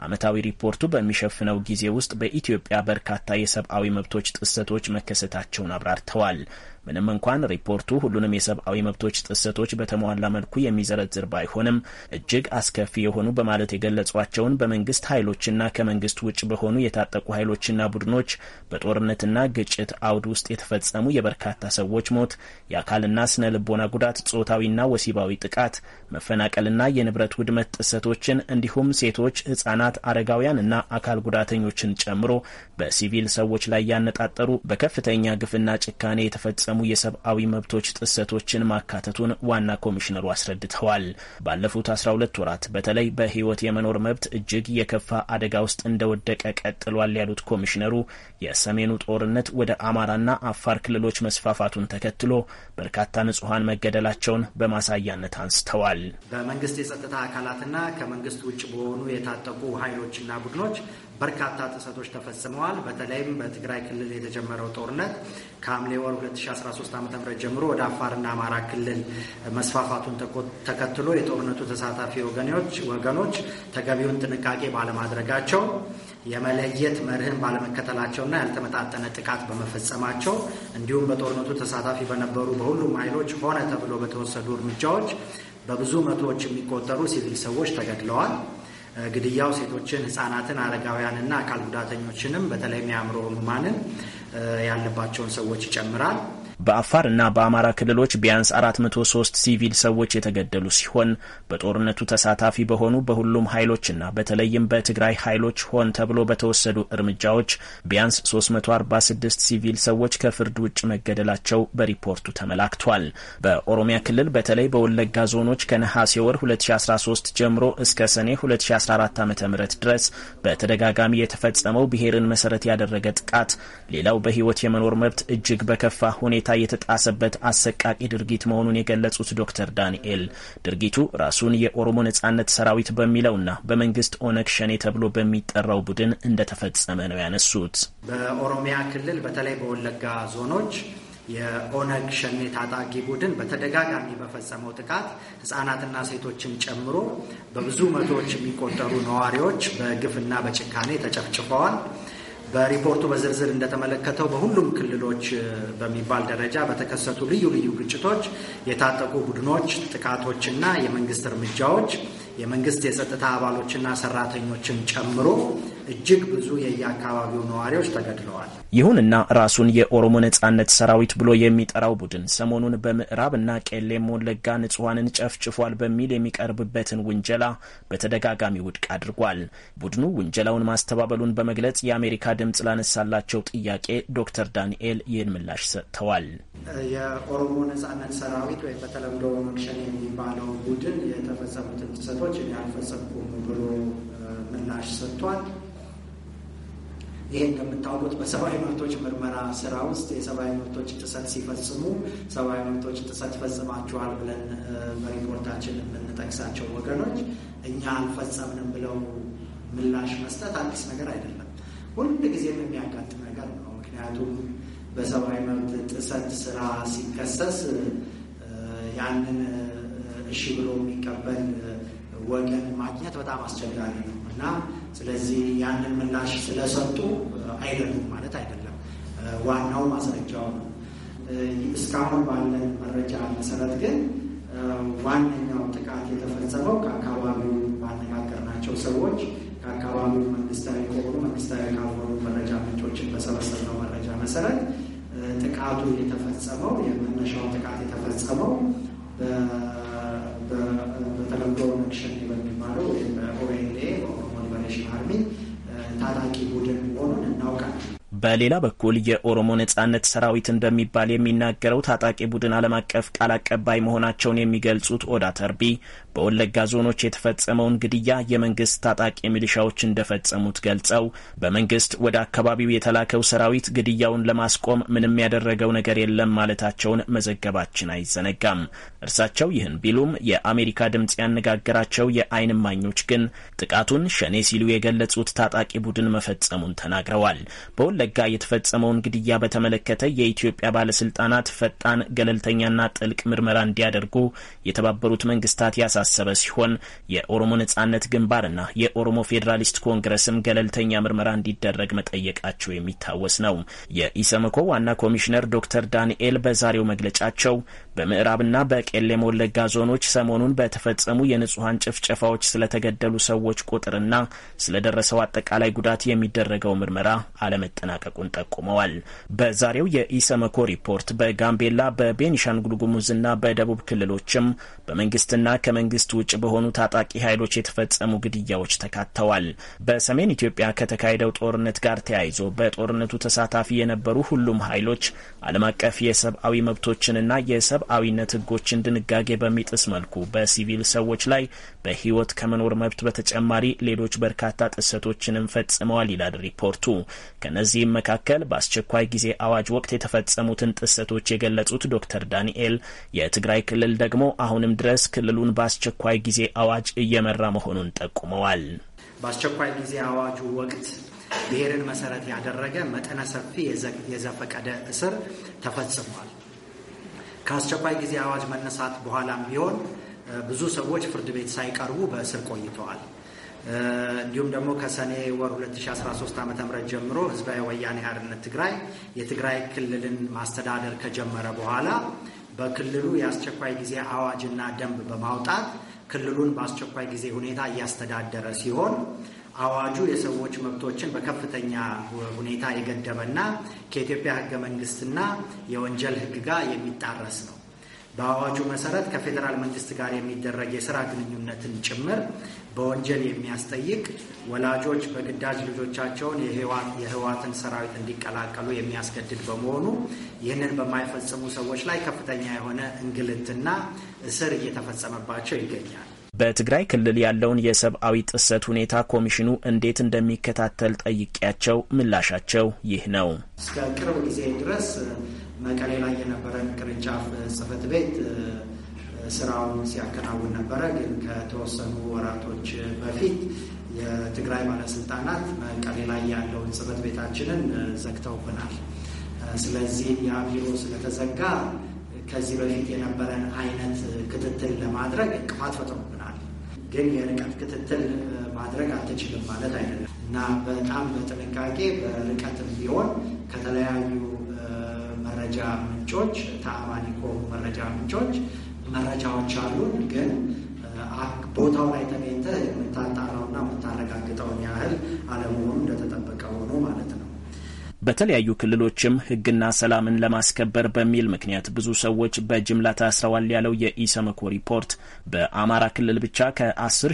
ዓመታዊ ሪፖርቱ በሚሸፍነው ጊዜ ውስጥ በኢትዮጵያ በርካታ የሰብአዊ መብቶች ጥሰቶች መከሰታቸውን አብራርተዋል። ምንም እንኳን ሪፖርቱ ሁሉንም የሰብአዊ መብቶች ጥሰቶች በተሟላ መልኩ የሚዘረዝር ባይሆንም እጅግ አስከፊ የሆኑ በማለት የገለጿቸውን በመንግስት ኃይሎችና ከመንግስት ውጭ በሆኑ የታጠቁ ኃይሎችና ቡድኖች በጦርነትና ግጭት አውድ ውስጥ የተፈጸሙ የበርካታ ሰዎች ሞት፣ የአካልና ስነ ልቦና ጉዳት፣ ጾታዊና ወሲባዊ ጥቃት፣ መፈናቀልና የንብረት ውድመት ጥሰቶችን እንዲሁም ሴቶች፣ ህጻናት ህጻናት፣ አረጋውያን እና አካል ጉዳተኞችን ጨምሮ በሲቪል ሰዎች ላይ ያነጣጠሩ በከፍተኛ ግፍና ጭካኔ የተፈጸሙ የሰብአዊ መብቶች ጥሰቶችን ማካተቱን ዋና ኮሚሽነሩ አስረድተዋል። ባለፉት 12 ወራት በተለይ በህይወት የመኖር መብት እጅግ የከፋ አደጋ ውስጥ እንደወደቀ ቀጥሏል ያሉት ኮሚሽነሩ የሰሜኑ ጦርነት ወደ አማራና አፋር ክልሎች መስፋፋቱን ተከትሎ በርካታ ንጹሐን መገደላቸውን በማሳያነት አንስተዋል። በመንግስት የጸጥታ አካላትና ከመንግስት ውጭ በሆኑ የታጠቁ ኃይሎችና ቡድኖች በርካታ ጥሰቶች ተፈጽመዋል። በተለይም በትግራይ ክልል የተጀመረው ጦርነት ከሐምሌ ወር 2013 ዓ ም ጀምሮ ወደ አፋርና አማራ ክልል መስፋፋቱን ተከትሎ የጦርነቱ ተሳታፊ ወገኖች ተገቢውን ጥንቃቄ ባለማድረጋቸው የመለየት መርህን ባለመከተላቸውና ያልተመጣጠነ ጥቃት በመፈጸማቸው እንዲሁም በጦርነቱ ተሳታፊ በነበሩ በሁሉም ኃይሎች ሆነ ተብሎ በተወሰዱ እርምጃዎች በብዙ መቶዎች የሚቆጠሩ ሲቪል ሰዎች ተገድለዋል። ግድያው ሴቶችን፣ ህጻናትን፣ አረጋውያንና አካል ጉዳተኞችንም በተለይም የአእምሮ ህሙማንን ያለባቸውን ሰዎች ይጨምራል። በአፋር እና በአማራ ክልሎች ቢያንስ 403 ሲቪል ሰዎች የተገደሉ ሲሆን በጦርነቱ ተሳታፊ በሆኑ በሁሉም ኃይሎችና በተለይም በትግራይ ኃይሎች ሆን ተብሎ በተወሰዱ እርምጃዎች ቢያንስ 346 ሲቪል ሰዎች ከፍርድ ውጭ መገደላቸው በሪፖርቱ ተመላክቷል። በኦሮሚያ ክልል በተለይ በወለጋ ዞኖች ከነሐሴ ወር 2013 ጀምሮ እስከ ሰኔ 2014 ዓ ም ድረስ በተደጋጋሚ የተፈጸመው ብሔርን መሰረት ያደረገ ጥቃት ሌላው በሕይወት የመኖር መብት እጅግ በከፋ ሁኔታ ጸጥታ የተጣሰበት አሰቃቂ ድርጊት መሆኑን የገለጹት ዶክተር ዳንኤል ድርጊቱ ራሱን የኦሮሞ ነጻነት ሰራዊት በሚለውና በመንግስት ኦነግ ሸኔ ተብሎ በሚጠራው ቡድን እንደተፈጸመ ነው ያነሱት። በኦሮሚያ ክልል በተለይ በወለጋ ዞኖች የኦነግ ሸኔ ታጣቂ ቡድን በተደጋጋሚ በፈጸመው ጥቃት ህጻናትና ሴቶችን ጨምሮ በብዙ መቶዎች የሚቆጠሩ ነዋሪዎች በግፍና በጭካኔ ተጨፍጭፈዋል። በሪፖርቱ በዝርዝር እንደተመለከተው በሁሉም ክልሎች በሚባል ደረጃ በተከሰቱ ልዩ ልዩ ግጭቶች የታጠቁ ቡድኖች ጥቃቶችና የመንግስት እርምጃዎች የመንግስት የጸጥታ አባሎችና ሰራተኞችን ጨምሮ እጅግ ብዙ የየአካባቢው ነዋሪዎች ተገድለዋል። ይሁንና ራሱን የኦሮሞ ነጻነት ሰራዊት ብሎ የሚጠራው ቡድን ሰሞኑን በምዕራብና ቄሌም ወለጋ ንጹሐንን ጨፍጭፏል በሚል የሚቀርብበትን ውንጀላ በተደጋጋሚ ውድቅ አድርጓል። ቡድኑ ውንጀላውን ማስተባበሉን በመግለጽ የአሜሪካ ድምፅ ላነሳላቸው ጥያቄ ዶክተር ዳንኤል ይህን ምላሽ ሰጥተዋል። የኦሮሞ ነጻነት ሰራዊት ወይም በተለምዶ መክሸን የሚባለው ቡድን የተፈጸሙትን ጥሰቶች እኔ አልፈጸምኩም ብሎ ምላሽ ሰጥቷል። ይሄ እንደምታውቁት በሰብአዊ መብቶች ምርመራ ስራ ውስጥ የሰብአዊ መብቶች ጥሰት ሲፈጽሙ ሰብአዊ መብቶች ጥሰት ፈጽማችኋል ብለን በሪፖርታችን የምንጠቅሳቸው ወገኖች እኛ አልፈጸምንም ብለው ምላሽ መስጠት አዲስ ነገር አይደለም። ሁል ጊዜም የሚያጋጥም ነገር ነው። ምክንያቱም በሰብአዊ መብት ጥሰት ስራ ሲከሰስ ያንን እሺ ብሎ የሚቀበል ወገን ማግኘት በጣም አስቸጋሪ ነው እና ስለዚህ ያንን ምላሽ ስለሰጡ አይደሉም ማለት አይደለም። ዋናው ማስረጃው ነው። እስካሁን ባለን መረጃ መሰረት ግን ዋነኛው ጥቃት የተፈጸመው ከአካባቢው ባነጋገርናቸው ሰዎች ከአካባቢው መንግስታዊ ከሆኑ መንግስታዊ ካልሆኑ መረጃ ምንጮችን በሰበሰብነው መረጃ መሰረት ጥቃቱ የተፈጸመው የመነሻው ጥቃት የተፈጸመው በተለምዶ ነክሸኔ በሚባለው ወይም አርሚ ታጣቂ ቡድን መሆኑን እናውቃለን። በሌላ በኩል የኦሮሞ ነጻነት ሰራዊት እንደሚባል የሚናገረው ታጣቂ ቡድን ዓለም አቀፍ ቃል አቀባይ መሆናቸውን የሚገልጹት ኦዳ ተርቢ በወለጋ ዞኖች የተፈጸመውን ግድያ የመንግስት ታጣቂ ሚሊሻዎች እንደፈጸሙት ገልጸው በመንግስት ወደ አካባቢው የተላከው ሰራዊት ግድያውን ለማስቆም ምንም ያደረገው ነገር የለም ማለታቸውን መዘገባችን አይዘነጋም። እርሳቸው ይህን ቢሉም የአሜሪካ ድምፅ ያነጋገራቸው የአይን እማኞች ግን ጥቃቱን ሸኔ ሲሉ የገለጹት ታጣቂ ቡድን መፈጸሙን ተናግረዋል። በወለጋ የተፈጸመውን ግድያ በተመለከተ የኢትዮጵያ ባለስልጣናት ፈጣን ገለልተኛና ጥልቅ ምርመራ እንዲያደርጉ የተባበሩት መንግስታት ያሳ ያሰበ ሲሆን የኦሮሞ ነጻነት ግንባርና የኦሮሞ ፌዴራሊስት ኮንግረስም ገለልተኛ ምርመራ እንዲደረግ መጠየቃቸው የሚታወስ ነው። የኢሰመኮ ዋና ኮሚሽነር ዶክተር ዳንኤል በዛሬው መግለጫቸው በምዕራብና በቄሌም ወለጋ ዞኖች ሰሞኑን በተፈጸሙ የንጹሐን ጭፍጨፋዎች ስለተገደሉ ሰዎች ቁጥርና ስለደረሰው አጠቃላይ ጉዳት የሚደረገው ምርመራ አለመጠናቀቁን ጠቁመዋል። በዛሬው የኢሰመኮ ሪፖርት በጋምቤላ፣ በቤኒሻንጉል ጉሙዝና በደቡብ ክልሎችም በመንግስትና ከመንግስት መንግስት ውጭ በሆኑ ታጣቂ ኃይሎች የተፈጸሙ ግድያዎች ተካተዋል። በሰሜን ኢትዮጵያ ከተካሄደው ጦርነት ጋር ተያይዞ በጦርነቱ ተሳታፊ የነበሩ ሁሉም ኃይሎች ዓለም አቀፍ የሰብአዊ መብቶችንና የሰብአዊነት ህጎችን ድንጋጌ በሚጥስ መልኩ በሲቪል ሰዎች ላይ በህይወት ከመኖር መብት በተጨማሪ ሌሎች በርካታ ጥሰቶችንም ፈጽመዋል ይላል ሪፖርቱ። ከነዚህም መካከል በአስቸኳይ ጊዜ አዋጅ ወቅት የተፈጸሙትን ጥሰቶች የገለጹት ዶክተር ዳንኤል የትግራይ ክልል ደግሞ አሁንም ድረስ ክልሉን ባስ አስቸኳይ ጊዜ አዋጅ እየመራ መሆኑን ጠቁመዋል። በአስቸኳይ ጊዜ አዋጁ ወቅት ብሔርን መሰረት ያደረገ መጠነ ሰፊ የዘፈቀደ እስር ተፈጽሟል። ከአስቸኳይ ጊዜ አዋጅ መነሳት በኋላም ቢሆን ብዙ ሰዎች ፍርድ ቤት ሳይቀርቡ በእስር ቆይተዋል። እንዲሁም ደግሞ ከሰኔ ወር 2013 ዓ ም ጀምሮ ህዝባዊ ወያኔ ሓርነት ትግራይ የትግራይ ክልልን ማስተዳደር ከጀመረ በኋላ በክልሉ የአስቸኳይ ጊዜ አዋጅና ደንብ በማውጣት ክልሉን በአስቸኳይ ጊዜ ሁኔታ እያስተዳደረ ሲሆን አዋጁ የሰዎች መብቶችን በከፍተኛ ሁኔታ የገደበና ከኢትዮጵያ ሕገ መንግስትና የወንጀል ሕግ ጋር የሚጣረስ ነው። በአዋጁ መሰረት ከፌዴራል መንግስት ጋር የሚደረግ የስራ ግንኙነትን ጭምር በወንጀል የሚያስጠይቅ ወላጆች በግዳጅ ልጆቻቸውን የህወሓትን ሰራዊት እንዲቀላቀሉ የሚያስገድድ በመሆኑ ይህንን በማይፈጽሙ ሰዎች ላይ ከፍተኛ የሆነ እንግልትና እስር እየተፈጸመባቸው ይገኛል። በትግራይ ክልል ያለውን የሰብአዊ ጥሰት ሁኔታ ኮሚሽኑ እንዴት እንደሚከታተል ጠይቄያቸው ምላሻቸው ይህ ነው። እስከ ቅርብ ጊዜ ድረስ መቀሌ ላይ የነበረን ቅርንጫፍ ጽህፈት ቤት ስራውን ሲያከናውን ነበረ። ግን ከተወሰኑ ወራቶች በፊት የትግራይ ባለስልጣናት መቀሌ ላይ ያለውን ጽሕፈት ቤታችንን ዘግተውብናል። ስለዚህ ያ ቢሮ ስለተዘጋ ከዚህ በፊት የነበረን አይነት ክትትል ለማድረግ እንቅፋት ፈጥሮብናል። ግን የርቀት ክትትል ማድረግ አልተችልም ማለት አይደለም እና በጣም በጥንቃቄ በርቀትም ቢሆን ከተለያዩ መረጃ ምንጮች ተአማኒ ከሆኑ መረጃ ምንጮች መረጃዎች አሉን ግን ቦታው ላይ ተገኝተ የምታጣራውና የምታረጋግጠውን ያህል አለመሆኑ እንደተጠበቀ ሆኖ ማለት ነው። በተለያዩ ክልሎችም ህግና ሰላምን ለማስከበር በሚል ምክንያት ብዙ ሰዎች በጅምላ ታስረዋል ያለው የኢሰመኮ ሪፖርት በአማራ ክልል ብቻ ከ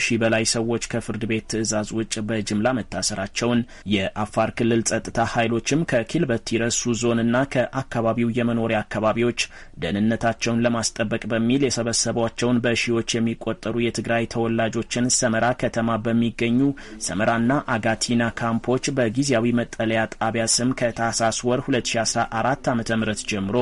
ሺህ በላይ ሰዎች ከፍርድ ቤት ትዕዛዝ ውጭ በጅምላ መታሰራቸውን፣ የአፋር ክልል ጸጥታ ኃይሎችም ከኪልበቲ ረሱ ዞንና ከአካባቢው የመኖሪያ አካባቢዎች ደህንነታቸውን ለማስጠበቅ በሚል የሰበሰቧቸውን በሺዎች የሚቆጠሩ የትግራይ ተወላጆችን ሰመራ ከተማ በሚገኙ ሰመራና አጋቲና ካምፖች በጊዜያዊ መጠለያ ጣቢያ ስም ከታህሳስ ወር 2014 ዓ ም ጀምሮ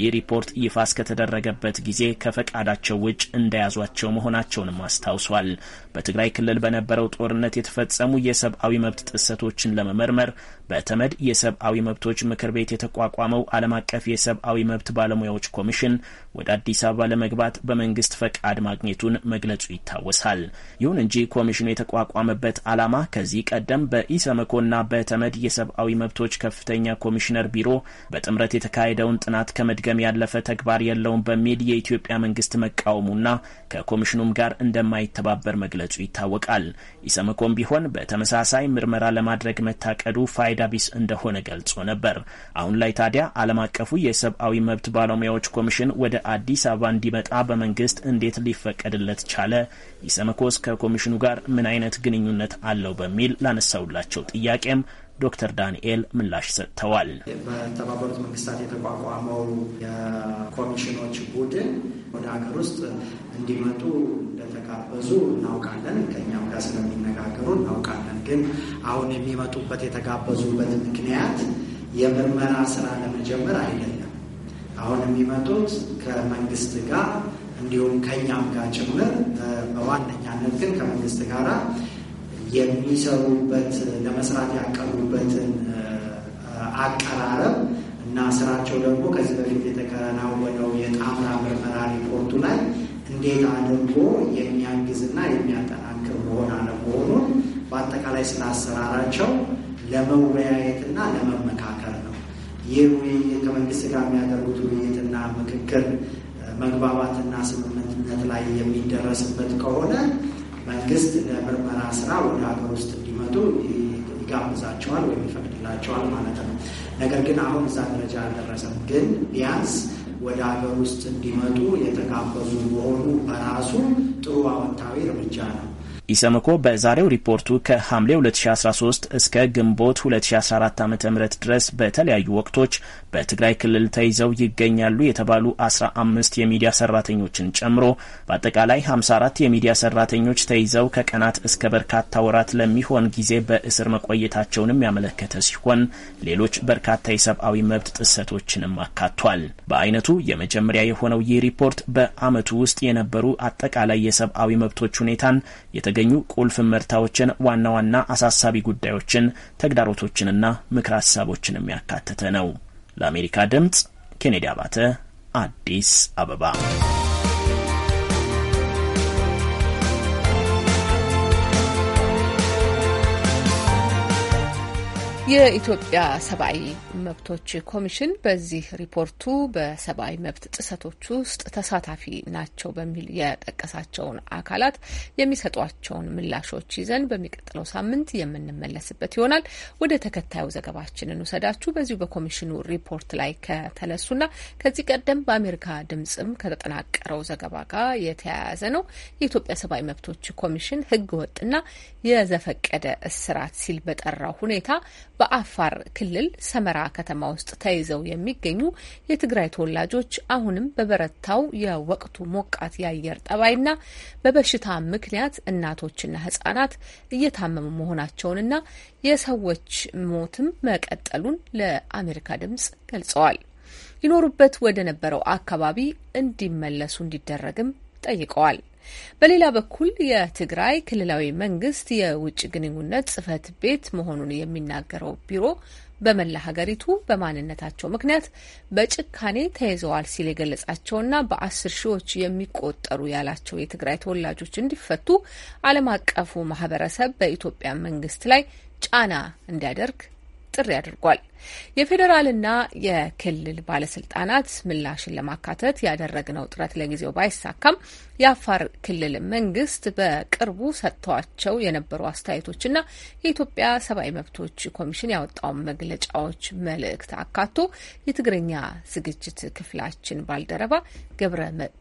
ይህ ሪፖርት ይፋ እስከተደረገበት ጊዜ ከፈቃዳቸው ውጭ እንደያዟቸው መሆናቸውንም አስታውሷል። በትግራይ ክልል በነበረው ጦርነት የተፈጸሙ የሰብአዊ መብት ጥሰቶችን ለመመርመር በተመድ የሰብአዊ መብቶች ምክር ቤት የተቋቋመው ዓለም አቀፍ የሰብአዊ መብት ባለሙያዎች ኮሚሽን ወደ አዲስ አበባ ለመግባት በመንግስት ፈቃድ ማግኘቱን መግለጹ ይታወሳል። ይሁን እንጂ ኮሚሽኑ የተቋቋመበት ዓላማ ከዚህ ቀደም በኢሰመኮና በተመድ የሰብአዊ መብቶች ከፍተኛ ኮሚሽነር ቢሮ በጥምረት የተካሄደውን ጥናት ከመድገ ከመገምገም ያለፈ ተግባር የለውም በሚል የኢትዮጵያ መንግስት መቃወሙና ከኮሚሽኑም ጋር እንደማይተባበር መግለጹ ይታወቃል። ኢሰመኮም ቢሆን በተመሳሳይ ምርመራ ለማድረግ መታቀዱ ፋይዳ ቢስ እንደሆነ ገልጾ ነበር። አሁን ላይ ታዲያ ዓለም አቀፉ የሰብአዊ መብት ባለሙያዎች ኮሚሽን ወደ አዲስ አበባ እንዲመጣ በመንግስት እንዴት ሊፈቀድለት ቻለ? ኢሰመኮስ ከኮሚሽኑ ጋር ምን አይነት ግንኙነት አለው? በሚል ላነሳውላቸው ጥያቄም ዶክተር ዳንኤል ምላሽ ሰጥተዋል። በተባበሩት መንግስታት የተቋቋመው የኮሚሽኖች ቡድን ወደ ሀገር ውስጥ እንዲመጡ እንደተጋበዙ እናውቃለን። ከኛም ጋር ስለሚነጋገሩ እናውቃለን። ግን አሁን የሚመጡበት የተጋበዙበት ምክንያት የምርመራ ስራ ለመጀመር አይደለም። አሁን የሚመጡት ከመንግስት ጋር እንዲሁም ከኛም ጋር ጭምር በዋነኛነት ግን ከመንግስት ጋር የሚሰሩበት ለመስራት ያቀሩበትን አቀራረብ እና ስራቸው ደግሞ ከዚህ በፊት የተከናወነው የጣምራ ምርመራ ሪፖርቱ ላይ እንዴት አድርጎ የሚያግዝና የሚያጠናክር መሆን አለመሆኑን በአጠቃላይ ስለ አሰራራቸው ለመወያየትና ለመመካከር ነው። ይህ ውይይት ከመንግስት ጋር የሚያደርጉት ውይይትና ምክክር መግባባትና ስምምነት ላይ የሚደረስበት ከሆነ መንግስት ለምርመራ ስራ ወደ ሀገር ውስጥ እንዲመጡ ይጋብዛቸዋል ወይም ይፈቅድላቸዋል ማለት ነው። ነገር ግን አሁን እዛ ደረጃ አልደረሰም። ግን ቢያንስ ወደ ሀገር ውስጥ እንዲመጡ የተጋበዙ መሆኑ በራሱ ጥሩ አዎንታዊ እርምጃ ነው። ኢሰመኮ በዛሬው ሪፖርቱ ከሐምሌ 2013 እስከ ግንቦት 2014 ዓ ም ድረስ በተለያዩ ወቅቶች በትግራይ ክልል ተይዘው ይገኛሉ የተባሉ አስራ አምስት የሚዲያ ሰራተኞችን ጨምሮ በአጠቃላይ ሀምሳ አራት የሚዲያ ሰራተኞች ተይዘው ከቀናት እስከ በርካታ ወራት ለሚሆን ጊዜ በእስር መቆየታቸውንም ያመለከተ ሲሆን ሌሎች በርካታ የሰብአዊ መብት ጥሰቶችንም አካቷል። በአይነቱ የመጀመሪያ የሆነው ይህ ሪፖርት በዓመቱ ውስጥ የነበሩ አጠቃላይ የሰብአዊ መብቶች ሁኔታን፣ የተገኙ ቁልፍ መርታዎችን፣ ዋና ዋና አሳሳቢ ጉዳዮችን፣ ተግዳሮቶችንና ምክር ሀሳቦችንም ያካተተ ነው። ለአሜሪካ ድምፅ ኬኔዲ አባተ አዲስ አበባ። የኢትዮጵያ ሰብአዊ መብቶች ኮሚሽን በዚህ ሪፖርቱ በሰብአዊ መብት ጥሰቶች ውስጥ ተሳታፊ ናቸው በሚል የጠቀሳቸውን አካላት የሚሰጧቸውን ምላሾች ይዘን በሚቀጥለው ሳምንት የምንመለስበት ይሆናል። ወደ ተከታዩ ዘገባችንን ውሰዳችሁ በዚሁ በኮሚሽኑ ሪፖርት ላይ ከተነሱና ከዚህ ቀደም በአሜሪካ ድምጽም ከተጠናቀረው ዘገባ ጋር የተያያዘ ነው። የኢትዮጵያ ሰብአዊ መብቶች ኮሚሽን ህግ ወጥና የዘፈቀደ እስራት ሲል በጠራው ሁኔታ በአፋር ክልል ሰመራ ከተማ ውስጥ ተይዘው የሚገኙ የትግራይ ተወላጆች አሁንም በበረታው የወቅቱ ሞቃት የአየር ጠባይና በበሽታ ምክንያት እናቶችና ህጻናት እየታመሙ መሆናቸውንና የሰዎች ሞትም መቀጠሉን ለአሜሪካ ድምጽ ገልጸዋል። ይኖሩበት ወደ ነበረው አካባቢ እንዲመለሱ እንዲደረግም ጠይቀዋል። በሌላ በኩል የትግራይ ክልላዊ መንግስት የውጭ ግንኙነት ጽህፈት ቤት መሆኑን የሚናገረው ቢሮ በመላ ሀገሪቱ በማንነታቸው ምክንያት በጭካኔ ተይዘዋል ሲል የገለጻቸውና በአስር ሺዎች የሚቆጠሩ ያላቸው የትግራይ ተወላጆች እንዲፈቱ ዓለም አቀፉ ማህበረሰብ በኢትዮጵያ መንግስት ላይ ጫና እንዲያደርግ ጥሪ አድርጓል። የፌዴራልና የክልል ባለስልጣናት ምላሽን ለማካተት ያደረግነው ጥረት ለጊዜው ባይሳካም የአፋር ክልል መንግስት በቅርቡ ሰጥተዋቸው የነበሩ አስተያየቶችና የኢትዮጵያ ሰብአዊ መብቶች ኮሚሽን ያወጣውን መግለጫዎች መልእክት አካቶ የትግረኛ ዝግጅት ክፍላችን ባልደረባ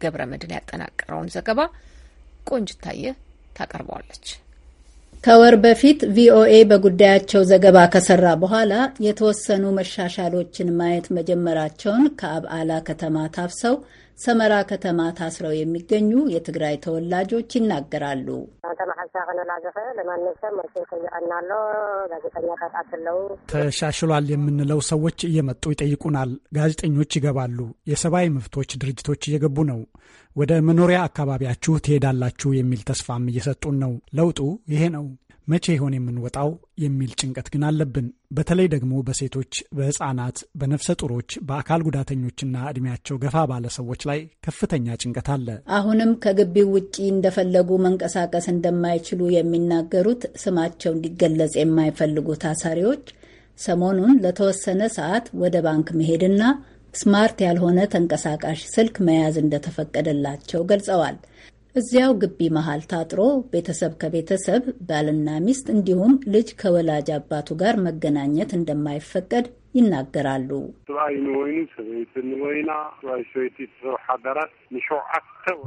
ገብረ መድን ያጠናቀረውን ዘገባ ቆንጅታየ ታቀርበዋለች። ከወር በፊት ቪኦኤ በጉዳያቸው ዘገባ ከሰራ በኋላ የተወሰኑ መሻሻሎችን ማየት መጀመራቸውን ከአብዓላ ከተማ ታፍሰው ሰመራ ከተማ ታስረው የሚገኙ የትግራይ ተወላጆች ይናገራሉ። ተሻሽሏል የምንለው ሰዎች እየመጡ ይጠይቁናል። ጋዜጠኞች ይገባሉ። የሰብአዊ መብቶች ድርጅቶች እየገቡ ነው። ወደ መኖሪያ አካባቢያችሁ ትሄዳላችሁ የሚል ተስፋም እየሰጡን ነው። ለውጡ ይሄ ነው። መቼ ይሆን የምንወጣው የሚል ጭንቀት ግን አለብን። በተለይ ደግሞ በሴቶች፣ በህፃናት፣ በነፍሰ ጡሮች፣ በአካል ጉዳተኞችና እድሜያቸው ገፋ ባለ ሰዎች ላይ ከፍተኛ ጭንቀት አለ። አሁንም ከግቢው ውጪ እንደፈለጉ መንቀሳቀስ እንደማይችሉ የሚናገሩት ስማቸው እንዲገለጽ የማይፈልጉ ታሳሪዎች ሰሞኑን ለተወሰነ ሰዓት ወደ ባንክ መሄድና ስማርት ያልሆነ ተንቀሳቃሽ ስልክ መያዝ እንደተፈቀደላቸው ገልጸዋል። እዚያው ግቢ መሃል ታጥሮ ቤተሰብ ከቤተሰብ ባልና ሚስት እንዲሁም ልጅ ከወላጅ አባቱ ጋር መገናኘት እንደማይፈቀድ ይናገራሉ።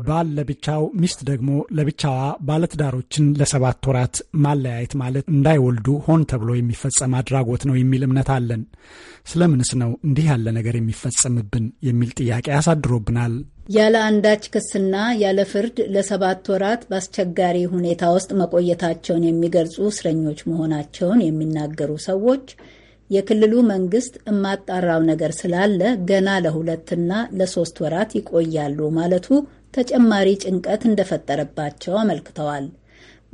ባል ለብቻው፣ ሚስት ደግሞ ለብቻዋ ባለትዳሮችን ለሰባት ወራት ማለያየት ማለት እንዳይወልዱ ሆን ተብሎ የሚፈጸም አድራጎት ነው የሚል እምነት አለን። ስለምንስ ነው እንዲህ ያለ ነገር የሚፈጸምብን የሚል ጥያቄ አሳድሮብናል። ያለ አንዳች ክስና ያለ ፍርድ ለሰባት ወራት በአስቸጋሪ ሁኔታ ውስጥ መቆየታቸውን የሚገልጹ እስረኞች መሆናቸውን የሚናገሩ ሰዎች የክልሉ መንግስት እማጣራው ነገር ስላለ ገና ለሁለትና ለሶስት ወራት ይቆያሉ ማለቱ ተጨማሪ ጭንቀት እንደፈጠረባቸው አመልክተዋል።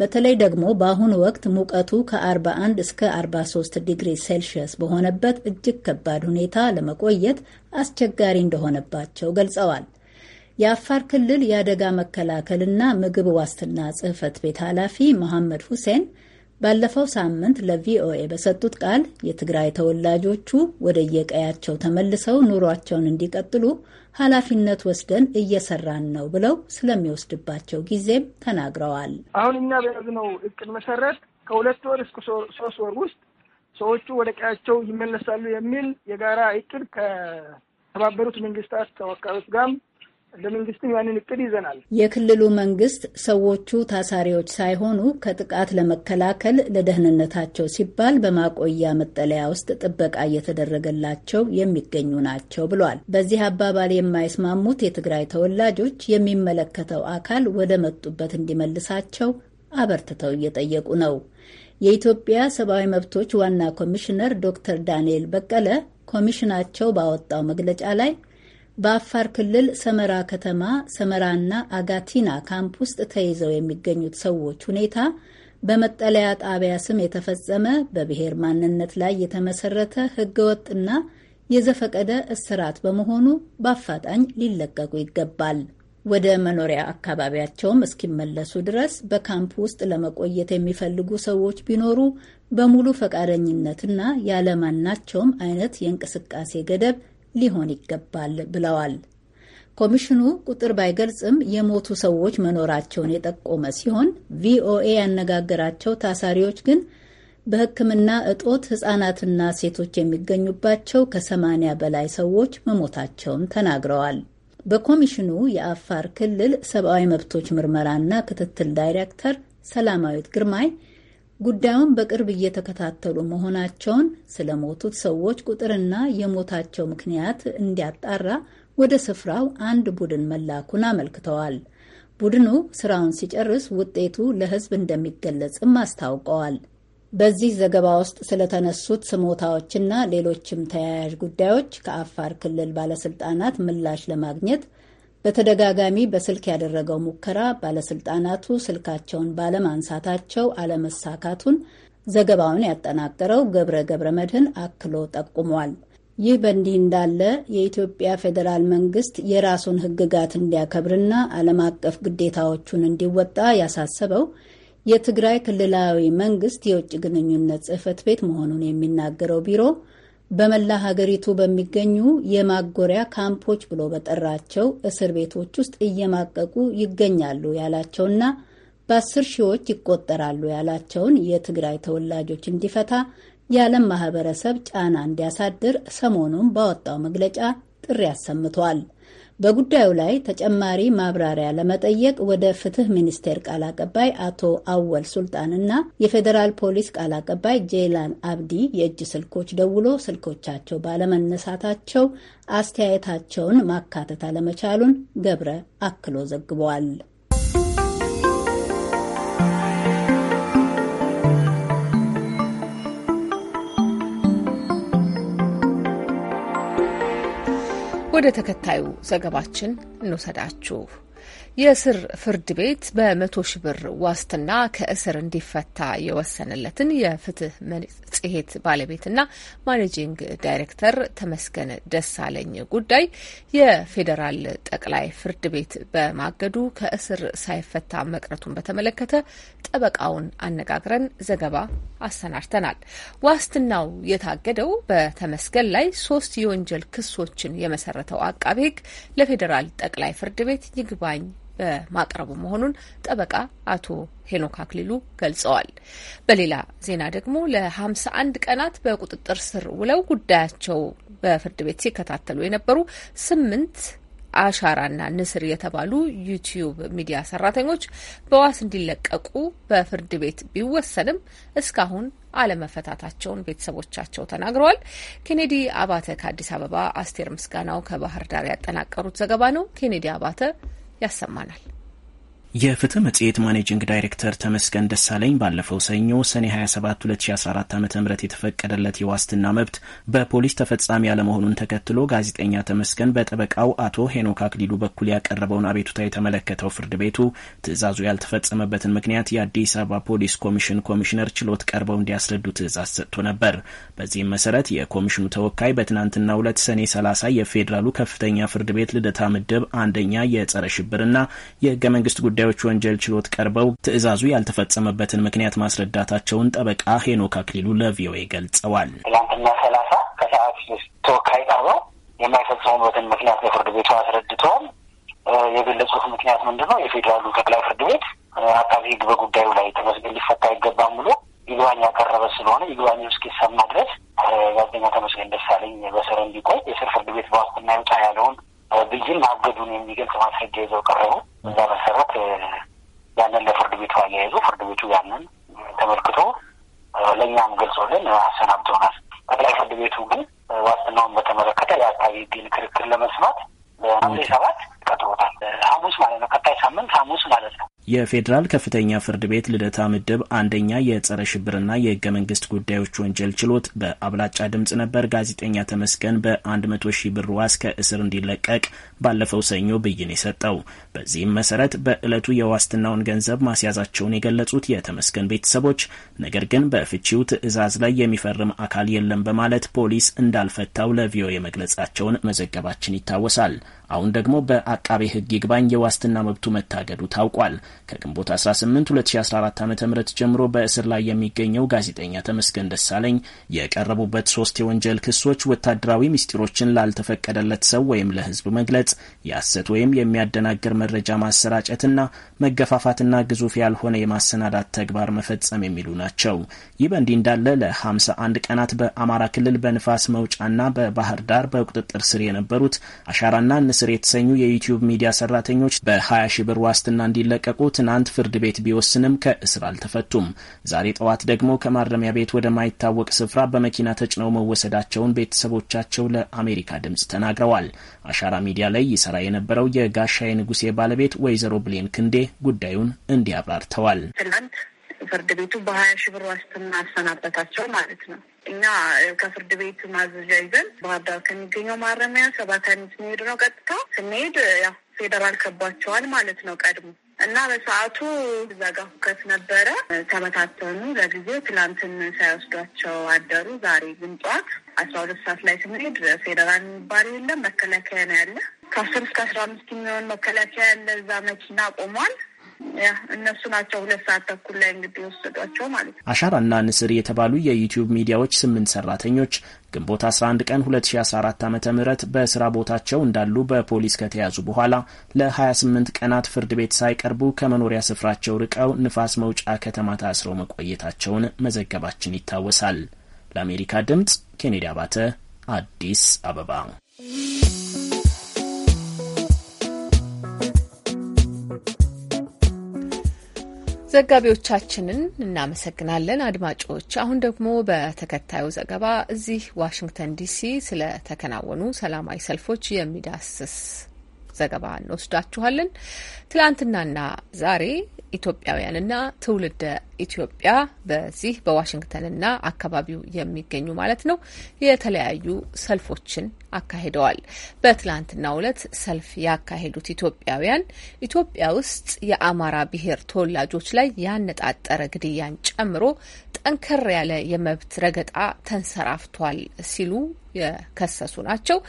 በተለይ ደግሞ በአሁኑ ወቅት ሙቀቱ ከ41 እስከ 43 ዲግሪ ሴልሽየስ በሆነበት እጅግ ከባድ ሁኔታ ለመቆየት አስቸጋሪ እንደሆነባቸው ገልጸዋል። የአፋር ክልል የአደጋ መከላከልና ምግብ ዋስትና ጽሕፈት ቤት ኃላፊ መሐመድ ሁሴን ባለፈው ሳምንት ለቪኦኤ በሰጡት ቃል የትግራይ ተወላጆቹ ወደ የቀያቸው ተመልሰው ኑሯቸውን እንዲቀጥሉ ኃላፊነት ወስደን እየሰራን ነው ብለው ስለሚወስድባቸው ጊዜም ተናግረዋል። አሁን እኛ በያዝነው እቅድ መሰረት ከሁለት ወር እስከ ሶስት ወር ውስጥ ሰዎቹ ወደ ቀያቸው ይመለሳሉ የሚል የጋራ እቅድ ከተባበሩት መንግስታት ተወካዮች ጋርም ለመንግስትም ያንን እቅድ ይዘናል። የክልሉ መንግስት ሰዎቹ ታሳሪዎች ሳይሆኑ ከጥቃት ለመከላከል ለደህንነታቸው ሲባል በማቆያ መጠለያ ውስጥ ጥበቃ እየተደረገላቸው የሚገኙ ናቸው ብሏል። በዚህ አባባል የማይስማሙት የትግራይ ተወላጆች የሚመለከተው አካል ወደ መጡበት እንዲመልሳቸው አበርትተው እየጠየቁ ነው። የኢትዮጵያ ሰብአዊ መብቶች ዋና ኮሚሽነር ዶክተር ዳንኤል በቀለ ኮሚሽናቸው ባወጣው መግለጫ ላይ በአፋር ክልል ሰመራ ከተማ ሰመራና አጋቲና ካምፕ ውስጥ ተይዘው የሚገኙት ሰዎች ሁኔታ በመጠለያ ጣቢያ ስም የተፈጸመ በብሔር ማንነት ላይ የተመሰረተ ህገወጥና የዘፈቀደ እስራት በመሆኑ በአፋጣኝ ሊለቀቁ ይገባል። ወደ መኖሪያ አካባቢያቸውም እስኪመለሱ ድረስ በካምፕ ውስጥ ለመቆየት የሚፈልጉ ሰዎች ቢኖሩ በሙሉ ፈቃደኝነትና ያለማናቸውም አይነት የእንቅስቃሴ ገደብ ሊሆን ይገባል ብለዋል። ኮሚሽኑ ቁጥር ባይገልጽም የሞቱ ሰዎች መኖራቸውን የጠቆመ ሲሆን ቪኦኤ ያነጋገራቸው ታሳሪዎች ግን በሕክምና እጦት ሕፃናትና ሴቶች የሚገኙባቸው ከሰማንያ በላይ ሰዎች መሞታቸውን ተናግረዋል። በኮሚሽኑ የአፋር ክልል ሰብአዊ መብቶች ምርመራና ክትትል ዳይሬክተር ሰላማዊት ግርማይ ጉዳዩን በቅርብ እየተከታተሉ መሆናቸውን ስለሞቱት ሰዎች ቁጥርና የሞታቸው ምክንያት እንዲያጣራ ወደ ስፍራው አንድ ቡድን መላኩን አመልክተዋል። ቡድኑ ስራውን ሲጨርስ ውጤቱ ለሕዝብ እንደሚገለጽም አስታውቀዋል። በዚህ ዘገባ ውስጥ ስለተነሱት ስሞታዎችና ሌሎችም ተያያዥ ጉዳዮች ከአፋር ክልል ባለስልጣናት ምላሽ ለማግኘት በተደጋጋሚ በስልክ ያደረገው ሙከራ ባለስልጣናቱ ስልካቸውን ባለማንሳታቸው አለመሳካቱን ዘገባውን ያጠናቀረው ገብረ ገብረ መድህን አክሎ ጠቁሟል። ይህ በእንዲህ እንዳለ የኢትዮጵያ ፌዴራል መንግስት የራሱን ሕግጋት እንዲያከብርና ዓለም አቀፍ ግዴታዎቹን እንዲወጣ ያሳሰበው የትግራይ ክልላዊ መንግስት የውጭ ግንኙነት ጽህፈት ቤት መሆኑን የሚናገረው ቢሮ በመላ ሀገሪቱ በሚገኙ የማጎሪያ ካምፖች ብሎ በጠራቸው እስር ቤቶች ውስጥ እየማቀቁ ይገኛሉ ያላቸውና በአስር ሺዎች ይቆጠራሉ ያላቸውን የትግራይ ተወላጆች እንዲፈታ የዓለም ማህበረሰብ ጫና እንዲያሳድር ሰሞኑን ባወጣው መግለጫ ጥሪ አሰምቷል። በጉዳዩ ላይ ተጨማሪ ማብራሪያ ለመጠየቅ ወደ ፍትህ ሚኒስቴር ቃል አቀባይ አቶ አወል ሱልጣን እና የፌዴራል ፖሊስ ቃል አቀባይ ጄይላን አብዲ የእጅ ስልኮች ደውሎ ስልኮቻቸው ባለመነሳታቸው አስተያየታቸውን ማካተት አለመቻሉን ገብረ አክሎ ዘግቧል። ወደ ተከታዩ ዘገባችን እንውሰዳችሁ። የስር ፍርድ ቤት በመቶ ሺ ብር ዋስትና ከእስር እንዲፈታ የወሰነለትን የፍትህ መጽሔት ባለቤትና ማኔጂንግ ዳይሬክተር ተመስገን ደሳለኝ ጉዳይ የፌዴራል ጠቅላይ ፍርድ ቤት በማገዱ ከእስር ሳይፈታ መቅረቱን በተመለከተ ጠበቃውን አነጋግረን ዘገባ አሰናድተናል። ዋስትናው የታገደው በተመስገን ላይ ሶስት የወንጀል ክሶችን የመሰረተው አቃቤ ሕግ ለፌዴራል ጠቅላይ ፍርድ ቤት ይግባኝ በማቅረቡ መሆኑን ጠበቃ አቶ ሄኖክ አክሊሉ ገልጸዋል። በሌላ ዜና ደግሞ ለ51 ቀናት በቁጥጥር ስር ውለው ጉዳያቸው በፍርድ ቤት ሲከታተሉ የነበሩ ስምንት አሻራና ንስር የተባሉ ዩቲዩብ ሚዲያ ሰራተኞች በዋስ እንዲለቀቁ በፍርድ ቤት ቢወሰንም እስካሁን አለመፈታታቸውን ቤተሰቦቻቸው ተናግረዋል። ኬኔዲ አባተ ከአዲስ አበባ፣ አስቴር ምስጋናው ከባህር ዳር ያጠናቀሩት ዘገባ ነው። ኬኔዲ አባተ ያሰማናል። የፍትህ መጽሔት ማኔጂንግ ዳይሬክተር ተመስገን ደሳለኝ ባለፈው ሰኞ ሰኔ 27 2014 ዓ ም የተፈቀደለት የዋስትና መብት በፖሊስ ተፈጻሚ ያለመሆኑን ተከትሎ ጋዜጠኛ ተመስገን በጠበቃው አቶ ሄኖክ አክሊሉ በኩል ያቀረበውን አቤቱታ የተመለከተው ፍርድ ቤቱ ትዕዛዙ ያልተፈጸመበትን ምክንያት የአዲስ አበባ ፖሊስ ኮሚሽን ኮሚሽነር ችሎት ቀርበው እንዲያስረዱ ትዕዛዝ ሰጥቶ ነበር። በዚህም መሰረት የኮሚሽኑ ተወካይ በትናንትናው ዕለት ሰኔ 30 የፌዴራሉ ከፍተኛ ፍርድ ቤት ልደታ ምድብ አንደኛ የጸረ ሽብርና የህገ መንግስት ጉዳዮች ጉዳዮች ወንጀል ችሎት ቀርበው ትዕዛዙ ያልተፈጸመበትን ምክንያት ማስረዳታቸውን ጠበቃ ሄኖክ አክሊሉ ለቪኦኤ ገልጸዋል። ትላንትና ሰላሳ ከሰዓት ተወካይ ቀርበው የማይፈጸሙበትን ምክንያት ለፍርድ ቤቱ አስረድተዋል። የገለጹት ምክንያት ምንድን ነው? የፌዴራሉ ጠቅላይ ፍርድ ቤት አቃቢ ሕግ በጉዳዩ ላይ ተመስገን ሊፈታ አይገባም ብሎ ይግባኝ ያቀረበ ስለሆነ ይግባኙ እስኪሰማ ድረስ ጋዜጠኛ ተመስገን ደሳለኝ በስር እንዲቆይ የስር ፍርድ ቤት በዋስትና ይውጣ ያለውን ብይን ማገዱን የሚገልጽ ማስረጃ ይዘው ቀረቡ። በዛ መሰረት ያንን ለፍርድ ቤቱ አያይዞ ፍርድ ቤቱ ያንን ተመልክቶ ለእኛም ገልጾልን አሰናብቶናል። ጠቅላይ ፍርድ ቤቱ ግን ዋስትናውን በተመለከተ የአቃቤ ሕግን ክርክር ለመስማት በሐምሌ ሰባት ቀጥሮታል። ሐሙስ ማለት ነው። ቀጣይ ሳምንት ሐሙስ ማለት ነው። የፌዴራል ከፍተኛ ፍርድ ቤት ልደታ ምድብ አንደኛ የጸረ ሽብርና የህገ መንግስት ጉዳዮች ወንጀል ችሎት በአብላጫ ድምፅ ነበር ጋዜጠኛ ተመስገን በ100 ሺህ ብር ዋስ ከእስር እንዲለቀቅ ባለፈው ሰኞ ብይን የሰጠው። በዚህም መሰረት በዕለቱ የዋስትናውን ገንዘብ ማስያዛቸውን የገለጹት የተመስገን ቤተሰቦች ነገር ግን በፍቺው ትዕዛዝ ላይ የሚፈርም አካል የለም በማለት ፖሊስ እንዳልፈታው ለቪኦኤ መግለጻቸውን መዘገባችን ይታወሳል። አሁን ደግሞ በአ አቃቤ ሕግ ይግባኝ የዋስትና መብቱ መታገዱ ታውቋል። ከግንቦት 18 2014 ዓ ም ጀምሮ በእስር ላይ የሚገኘው ጋዜጠኛ ተመስገን ደሳለኝ የቀረቡበት ሶስት የወንጀል ክሶች ወታደራዊ ምስጢሮችን ላልተፈቀደለት ሰው ወይም ለሕዝብ መግለጽ፣ የሐሰት ወይም የሚያደናግር መረጃ ማሰራጨትና መገፋፋትና ግዙፍ ያልሆነ የማሰናዳት ተግባር መፈጸም የሚሉ ናቸው። ይህ በእንዲህ እንዳለ ለ51 ቀናት በአማራ ክልል በንፋስ መውጫና በባህር ዳር በቁጥጥር ስር የነበሩት አሻራና ንስር የተሰኙ የዩ የዩቲዩብ ሚዲያ ሰራተኞች በ20 ሺ ብር ዋስትና እንዲለቀቁ ትናንት ፍርድ ቤት ቢወስንም ከእስር አልተፈቱም። ዛሬ ጠዋት ደግሞ ከማረሚያ ቤት ወደማይታወቅ ስፍራ በመኪና ተጭነው መወሰዳቸውን ቤተሰቦቻቸው ለአሜሪካ ድምፅ ተናግረዋል። አሻራ ሚዲያ ላይ ይሰራ የነበረው የጋሻዬ ንጉሴ ባለቤት ወይዘሮ ብሌን ክንዴ ጉዳዩን እንዲያብራርተዋል። ትናንት ፍርድ ቤቱ በሀያ ሺህ ብር ዋስትና አሰናበታቸው ማለት ነው። እኛ ከፍርድ ቤት ማዘዣ ይዘን ባህር ዳር ከሚገኘው ማረሚያ ሰባት አይነት የሚሄድ ነው። ቀጥታ ስንሄድ ያ ፌዴራል ከቧቸዋል ማለት ነው ቀድሞ እና በሰዓቱ እዛ ጋር ሁከት ነበረ። ተበታተኑ። ለጊዜው ትላንትን ሳይወስዷቸው አደሩ። ዛሬ ግን ጠዋት አስራ ሁለት ሰዓት ላይ ስንሄድ ፌዴራል የሚባል የለም መከላከያ ነው ያለ። ከአስር እስከ አስራ አምስት የሚሆን መከላከያ ያለ እዛ መኪና ቆሟል። እነሱ ናቸው ሁለት ሰዓት ተኩል ላይ እንግዲህ ወሰዷቸው ማለት ነው። አሻራና ንስር የተባሉ የዩቲዩብ ሚዲያዎች ስምንት ሰራተኞች ግንቦት 11 ቀን 2014 ዓ ም በስራ ቦታቸው እንዳሉ በፖሊስ ከተያዙ በኋላ ለ28 ቀናት ፍርድ ቤት ሳይቀርቡ ከመኖሪያ ስፍራቸው ርቀው ንፋስ መውጫ ከተማ ታስረው መቆየታቸውን መዘገባችን ይታወሳል። ለአሜሪካ ድምፅ ኬኔዲ አባተ አዲስ አበባ ዘጋቢዎቻችንን እናመሰግናለን። አድማጮች፣ አሁን ደግሞ በተከታዩ ዘገባ እዚህ ዋሽንግተን ዲሲ ስለተከናወኑ ሰላማዊ ሰልፎች የሚዳስስ ዘገባ እንወስዳችኋለን። ትላንትናና ዛሬ ኢትዮጵያውያንና ትውልደ ኢትዮጵያ በዚህ በዋሽንግተንና አካባቢው የሚገኙ ማለት ነው የተለያዩ ሰልፎችን አካሂደዋል። በትላንትናው ዕለት ሰልፍ ያካሄዱት ኢትዮጵያውያን ኢትዮጵያ ውስጥ የአማራ ብሔር ተወላጆች ላይ ያነጣጠረ ግድያን ጨምሮ ጠንከር ያለ የመብት ረገጣ ተንሰራፍቷል ሲሉ የከሰሱ ናቸው።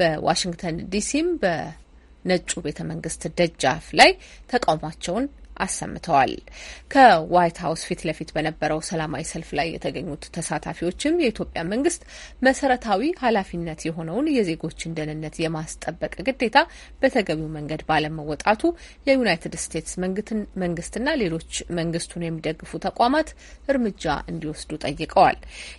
በዋሽንግተን ዲሲም በ ነጩ ቤተ መንግስት ደጃፍ ላይ ተቃውሟቸውን አሰምተዋል። ከዋይት ሀውስ ፊት ለፊት በነበረው ሰላማዊ ሰልፍ ላይ የተገኙት ተሳታፊዎችም የኢትዮጵያ መንግስት መሰረታዊ ኃላፊነት የሆነውን የዜጎችን ደህንነት የማስጠበቅ ግዴታ በተገቢው መንገድ ባለመወጣቱ የዩናይትድ ስቴትስ መንግስትና ሌሎች መንግስቱን የሚደግፉ ተቋማት እርምጃ እንዲወስዱ ጠይቀዋል።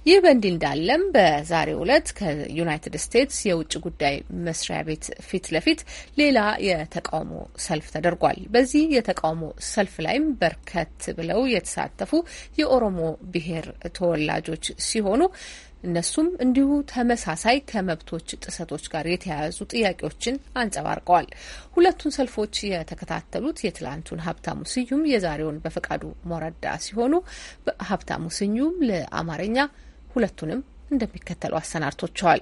ይህ በእንዲህ እንዳለም በዛሬው ዕለት ከዩናይትድ ስቴትስ የውጭ ጉዳይ መስሪያ ቤት ፊት ለፊት ሌላ የተቃውሞ ሰልፍ ተደርጓል። በዚህ የተቃውሞ ሰልፍ ላይም በርከት ብለው የተሳተፉ የኦሮሞ ብሔር ተወላጆች ሲሆኑ እነሱም እንዲሁ ተመሳሳይ ከመብቶች ጥሰቶች ጋር የተያያዙ ጥያቄዎችን አንጸባርቀዋል። ሁለቱን ሰልፎች የተከታተሉት የትላንቱን ሀብታሙ ስዩም፣ የዛሬውን በፈቃዱ ሞረዳ ሲሆኑ ሀብታሙ ስዩም ለአማርኛ ሁለቱንም እንደሚከተለው አሰናድቶቸዋል።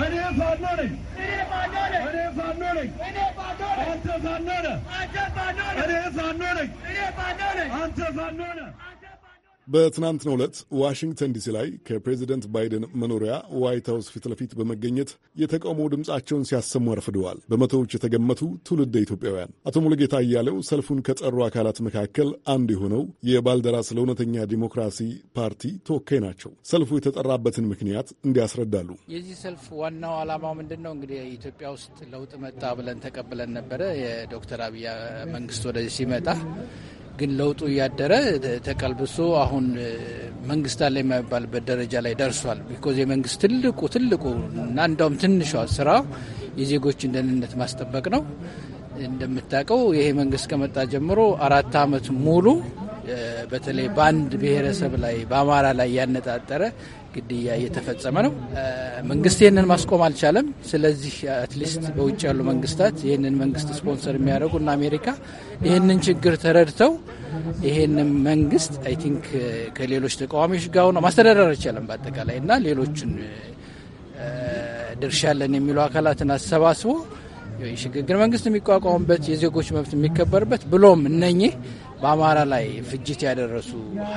And if I know it. And if I know it. And if I know And if I know Until I know it. Until I know it. And if I know it. And if I know it. Until I know it. በትናንትናው ዕለት ዋሽንግተን ዲሲ ላይ ከፕሬዚደንት ባይደን መኖሪያ ዋይት ሀውስ ፊት ለፊት በመገኘት የተቃውሞ ድምፃቸውን ሲያሰሙ አርፍደዋል። በመቶዎች የተገመቱ ትውልደ ኢትዮጵያውያን። አቶ ሙሉጌታ እያለው ሰልፉን ከጠሩ አካላት መካከል አንዱ የሆነው የባልደራስ ለእውነተኛ ዲሞክራሲ ፓርቲ ተወካይ ናቸው። ሰልፉ የተጠራበትን ምክንያት እንዲያስረዳሉ። የዚህ ሰልፍ ዋናው ዓላማው ምንድን ነው? እንግዲህ ኢትዮጵያ ውስጥ ለውጥ መጣ ብለን ተቀብለን ነበረ። የዶክተር አብይ መንግስት ወደዚህ ሲመጣ ግን ለውጡ እያደረ ተቀልብሶ አሁን መንግስት አለ የማይባልበት ደረጃ ላይ ደርሷል። ቢኮዝ የመንግስት ትልቁ ትልቁ እና እንዳውም ትንሿ ስራ የዜጎችን ደህንነት ማስጠበቅ ነው። እንደምታውቀው ይሄ መንግስት ከመጣ ጀምሮ አራት አመት ሙሉ በተለይ በአንድ ብሔረሰብ ላይ በአማራ ላይ ያነጣጠረ ግድያ እየተፈጸመ ነው። መንግስት ይህንን ማስቆም አልቻለም። ስለዚህ አትሊስት በውጭ ያሉ መንግስታት ይህንን መንግስት ስፖንሰር የሚያደርጉ እና አሜሪካ ይህንን ችግር ተረድተው ይህንን መንግስት አይ ቲንክ ከሌሎች ተቃዋሚዎች ጋር ሆነው ማስተዳደር አልቻለም በአጠቃላይ እና ሌሎቹን ድርሻ አለን የሚሉ አካላትን አሰባስቦ የሽግግር መንግስት የሚቋቋሙበት የዜጎች መብት የሚከበርበት ብሎም እነኚህ በአማራ ላይ ፍጅት ያደረሱ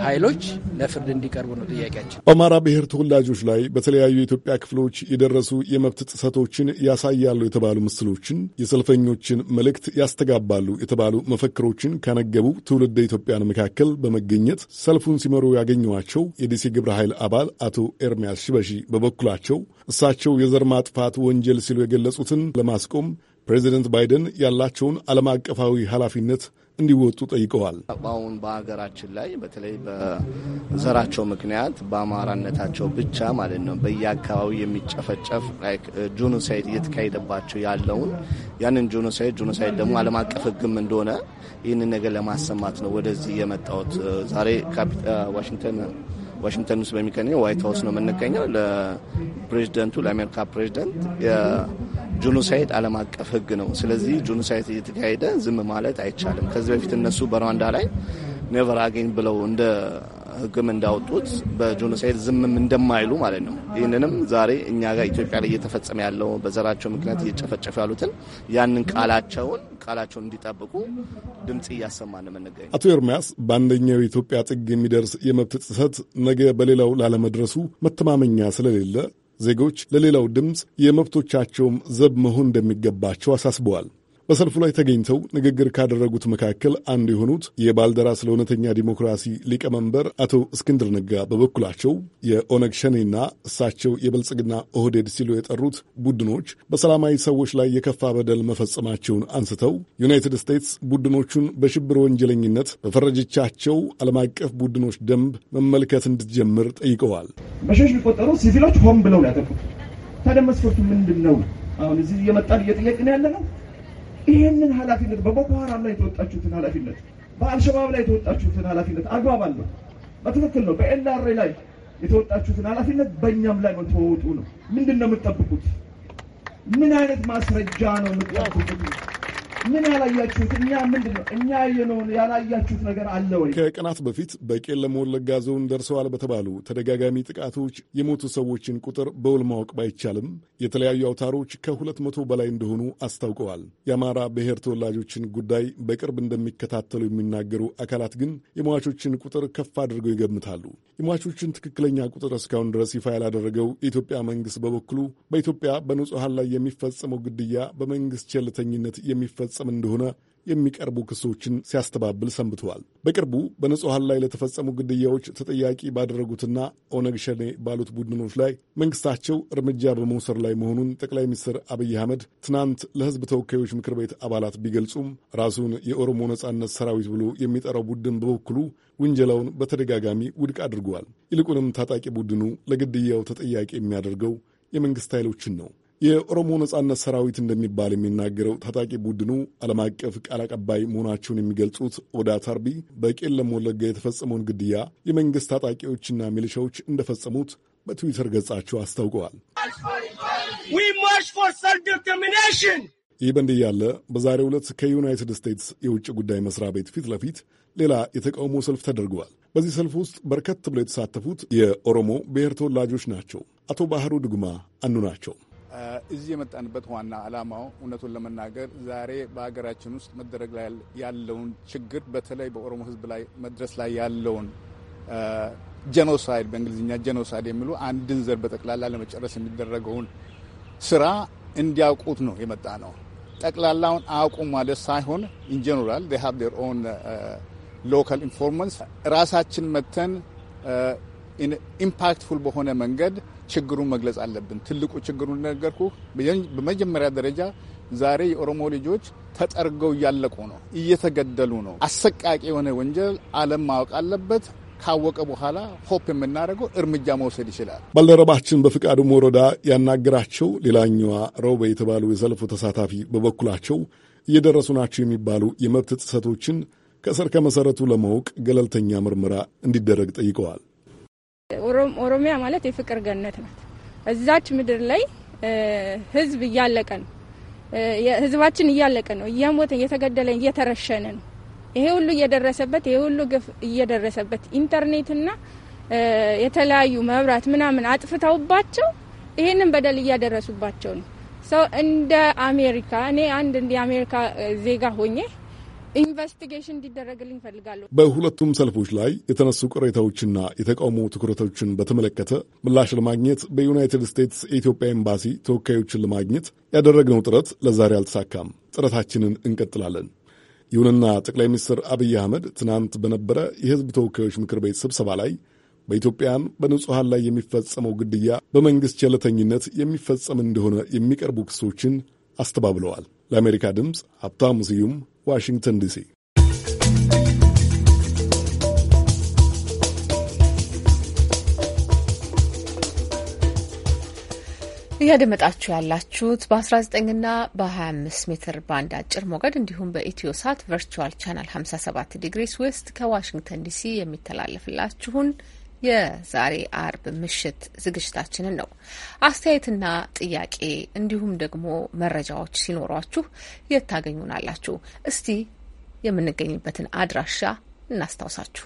ኃይሎች ለፍርድ እንዲቀርቡ ነው ጥያቄያችን። በአማራ ብሔር ተወላጆች ላይ በተለያዩ የኢትዮጵያ ክፍሎች የደረሱ የመብት ጥሰቶችን ያሳያሉ የተባሉ ምስሎችን፣ የሰልፈኞችን መልእክት ያስተጋባሉ የተባሉ መፈክሮችን ካነገቡ ትውልደ ኢትዮጵያን መካከል በመገኘት ሰልፉን ሲመሩ ያገኘዋቸው የደሴ ግብረ ኃይል አባል አቶ ኤርሚያስ ሽበሺ በበኩላቸው እሳቸው የዘር ማጥፋት ወንጀል ሲሉ የገለጹትን ለማስቆም ፕሬዚደንት ባይደን ያላቸውን ዓለም አቀፋዊ ኃላፊነት እንዲወጡ ጠይቀዋል። አሁን በሀገራችን ላይ በተለይ በዘራቸው ምክንያት በአማራነታቸው ብቻ ማለት ነው በየአካባቢው የሚጨፈጨፍ ጆኖሳይድ uh, እየተካሄደባቸው ያለውን ያንን ጆኖሳይድ ጆኖሳይድ ደግሞ ዓለም አቀፍ ሕግም እንደሆነ ይህንን ነገር ለማሰማት ነው ወደዚህ የመጣሁት። uh, ዛሬ uh, ዋሽንግተን ዋሽንግተን ውስጥ በሚገኘው ዋይት ሀውስ ነው የምንገኘው። ለፕሬዚደንቱ ለአሜሪካ ፕሬዚደንት ጆኖሳይድ ዓለም አቀፍ ህግ ነው። ስለዚህ ጆኖሳይድ እየተካሄደ ዝም ማለት አይቻልም። ከዚህ በፊት እነሱ በሩዋንዳ ላይ ኔቨር አገኝ ብለው እንደ ህግም እንዳወጡት በጆኖሳይድ ዝምም እንደማይሉ ማለት ነው። ይህንንም ዛሬ እኛ ጋር ኢትዮጵያ ላይ እየተፈጸመ ያለው በዘራቸው ምክንያት እየጨፈጨፉ ያሉትን ያንን ቃላቸውን ቃላቸውን እንዲጠብቁ ድምፅ እያሰማን የምንገኝ። አቶ ኤርሚያስ በአንደኛው የኢትዮጵያ ጥግ የሚደርስ የመብት ጥሰት ነገ በሌላው ላለመድረሱ መተማመኛ ስለሌለ ዜጎች ለሌላው ድምፅ የመብቶቻቸውም ዘብ መሆን እንደሚገባቸው አሳስበዋል። በሰልፉ ላይ ተገኝተው ንግግር ካደረጉት መካከል አንዱ የሆኑት የባልደራስ ለእውነተኛ ዲሞክራሲ ሊቀመንበር አቶ እስክንድር ነጋ በበኩላቸው የኦነግ ሸኔና እሳቸው የብልጽግና ኦህዴድ ሲሉ የጠሩት ቡድኖች በሰላማዊ ሰዎች ላይ የከፋ በደል መፈጸማቸውን አንስተው ዩናይትድ ስቴትስ ቡድኖቹን በሽብር ወንጀለኝነት በፈረጀቻቸው ዓለም አቀፍ ቡድኖች ደንብ መመልከት እንድትጀምር ጠይቀዋል። በሺዎች የሚቆጠሩ ሲቪሎች ሆን ብለው ያጠቁት ታዲያ መስፈርቱ ምንድን ነው? አሁን እዚህ እየመጣን እየጠየቅን ያለ ነው ይህንን ኃላፊነት በቦኮ ሀራም ላይ የተወጣችሁትን ኃላፊነት በአልሸባብ ላይ የተወጣችሁትን ኃላፊነት አግባብ አለው። በትክክል ነው። በኤልአርኤ ላይ የተወጣችሁትን ኃላፊነት በእኛም ላይ መተወጡ ነው። ምንድን ነው የምትጠብቁት? ምን አይነት ማስረጃ ነው የምትጠብቁት? ምን ያላያችሁት? እኛ ምንድን ነው እኛ የነውን ያላያችሁት ነገር አለ ወይ? ከቀናት በፊት በቄለም ወለጋ ዞን ደርሰዋል በተባሉ ተደጋጋሚ ጥቃቶች የሞቱ ሰዎችን ቁጥር በውል ማወቅ ባይቻልም የተለያዩ አውታሮች ከሁለት መቶ በላይ እንደሆኑ አስታውቀዋል። የአማራ ብሔር ተወላጆችን ጉዳይ በቅርብ እንደሚከታተሉ የሚናገሩ አካላት ግን የሟቾችን ቁጥር ከፍ አድርገው ይገምታሉ። የሟቾችን ትክክለኛ ቁጥር እስካሁን ድረስ ይፋ ያላደረገው የኢትዮጵያ መንግስት በበኩሉ በኢትዮጵያ በንጹሐን ላይ የሚፈጸመው ግድያ በመንግስት ቸልተኝነት የሚፈ እየፈጸመ እንደሆነ የሚቀርቡ ክሶችን ሲያስተባብል ሰንብተዋል። በቅርቡ በንጹሐን ላይ ለተፈጸሙ ግድያዎች ተጠያቂ ባደረጉትና ኦነግ ሸኔ ባሉት ቡድኖች ላይ መንግስታቸው እርምጃ በመውሰድ ላይ መሆኑን ጠቅላይ ሚኒስትር አብይ አህመድ ትናንት ለሕዝብ ተወካዮች ምክር ቤት አባላት ቢገልጹም ራሱን የኦሮሞ ነጻነት ሰራዊት ብሎ የሚጠራው ቡድን በበኩሉ ውንጀላውን በተደጋጋሚ ውድቅ አድርገዋል። ይልቁንም ታጣቂ ቡድኑ ለግድያው ተጠያቂ የሚያደርገው የመንግስት ኃይሎችን ነው። የኦሮሞ ነጻነት ሰራዊት እንደሚባል የሚናገረው ታጣቂ ቡድኑ ዓለም አቀፍ ቃል አቀባይ መሆናቸውን የሚገልጹት ኦዳ ታርቢ በቄለም ወለጋ የተፈጸመውን ግድያ የመንግሥት ታጣቂዎችና ሚሊሻዎች እንደፈጸሙት በትዊተር ገጻቸው አስታውቀዋል። ይህ በእንዲህ ያለ በዛሬ ዕለት ከዩናይትድ ስቴትስ የውጭ ጉዳይ መስሪያ ቤት ፊት ለፊት ሌላ የተቃውሞ ሰልፍ ተደርገዋል። በዚህ ሰልፍ ውስጥ በርከት ብለው የተሳተፉት የኦሮሞ ብሔር ተወላጆች ናቸው። አቶ ባህሩ ድጉማ አንዱ ናቸው። እዚህ የመጣንበት ዋና ዓላማው እውነቱን ለመናገር ዛሬ በሀገራችን ውስጥ መደረግ ላይ ያለውን ችግር በተለይ በኦሮሞ ሕዝብ ላይ መድረስ ላይ ያለውን ጀኖሳይድ በእንግሊዝኛ ጀኖሳይድ የሚሉ አንድን ዘር በጠቅላላ ለመጨረስ የሚደረገውን ስራ እንዲያውቁት ነው የመጣ ነው። ጠቅላላውን አያውቁም ማለት ሳይሆን ኢንጀነራል ሀብ ር ኦን ሎካል ኢንፎርመንስ ራሳችን መተን ኢምፓክትፉል በሆነ መንገድ ችግሩን መግለጽ አለብን። ትልቁ ችግሩ እንደነገርኩ በመጀመሪያ ደረጃ ዛሬ የኦሮሞ ልጆች ተጠርገው እያለቁ ነው፣ እየተገደሉ ነው። አሰቃቂ የሆነ ወንጀል ዓለም ማወቅ አለበት። ካወቀ በኋላ ሆፕ የምናደርገው እርምጃ መውሰድ ይችላል። ባልደረባችን በፍቃዱ ወረዳ ያናገራቸው ሌላኛዋ ሮቤ የተባሉ የሰልፉ ተሳታፊ በበኩላቸው እየደረሱ ናቸው የሚባሉ የመብት ጥሰቶችን ከስር ከመሠረቱ ለማወቅ ገለልተኛ ምርመራ እንዲደረግ ጠይቀዋል። ኦሮሚያ ማለት የፍቅር ገነት ናት። እዛች ምድር ላይ ህዝብ እያለቀ ነው። ህዝባችን እያለቀ ነው፣ እየሞተ እየተገደለ እየተረሸነ ነው። ይሄ ሁሉ እየደረሰበት ይሄ ሁሉ ግፍ እየደረሰበት ኢንተርኔትና የተለያዩ መብራት ምናምን አጥፍተውባቸው ይሄንን በደል እያደረሱባቸው ነው። ሰው እንደ አሜሪካ እኔ አንድ እንደ አሜሪካ ዜጋ ሆኜ ኢንቨስቲጌሽን እንዲደረግልኝ ይፈልጋሉ። በሁለቱም ሰልፎች ላይ የተነሱ ቅሬታዎችና የተቃውሞ ትኩረቶችን በተመለከተ ምላሽ ለማግኘት በዩናይትድ ስቴትስ የኢትዮጵያ ኤምባሲ ተወካዮችን ለማግኘት ያደረግነው ጥረት ለዛሬ አልተሳካም። ጥረታችንን እንቀጥላለን። ይሁንና ጠቅላይ ሚኒስትር አብይ አህመድ ትናንት በነበረ የሕዝብ ተወካዮች ምክር ቤት ስብሰባ ላይ በኢትዮጵያን በንጹሐን ላይ የሚፈጸመው ግድያ በመንግሥት ቸለተኝነት የሚፈጸም እንደሆነ የሚቀርቡ ክሶችን አስተባብለዋል። ለአሜሪካ ድምፅ ሀብታሙ ስዩም ዋሽንግተን ዲሲ። እያደመጣችሁ ያላችሁት በ19ና በ25 ሜትር ባንድ አጭር ሞገድ እንዲሁም በኢትዮ ሳት ቨርቹዋል ቻናል 57 ዲግሪስ ዌስት ከዋሽንግተን ዲሲ የሚተላለፍላችሁን የዛሬ አርብ ምሽት ዝግጅታችንን ነው። አስተያየትና ጥያቄ እንዲሁም ደግሞ መረጃዎች ሲኖሯችሁ የታገኙናላችሁ። እስቲ የምንገኝበትን አድራሻ እናስታውሳችሁ።